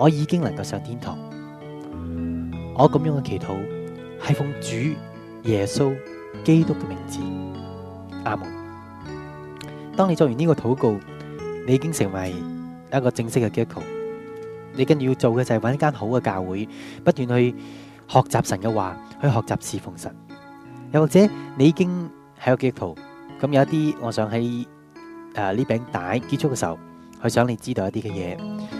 我已經能夠上天堂。我咁樣嘅祈禱係奉主耶穌基督嘅名字，阿門。當你做完呢個禱告，你已經成為一個正式嘅基督徒。你跟住要做嘅就係揾間好嘅教會，不斷去學習神嘅話，去學習侍奉神。又或者你已經係個基督徒，咁有一啲，我想喺誒呢餅帶結束嘅時候，去想你知道一啲嘅嘢。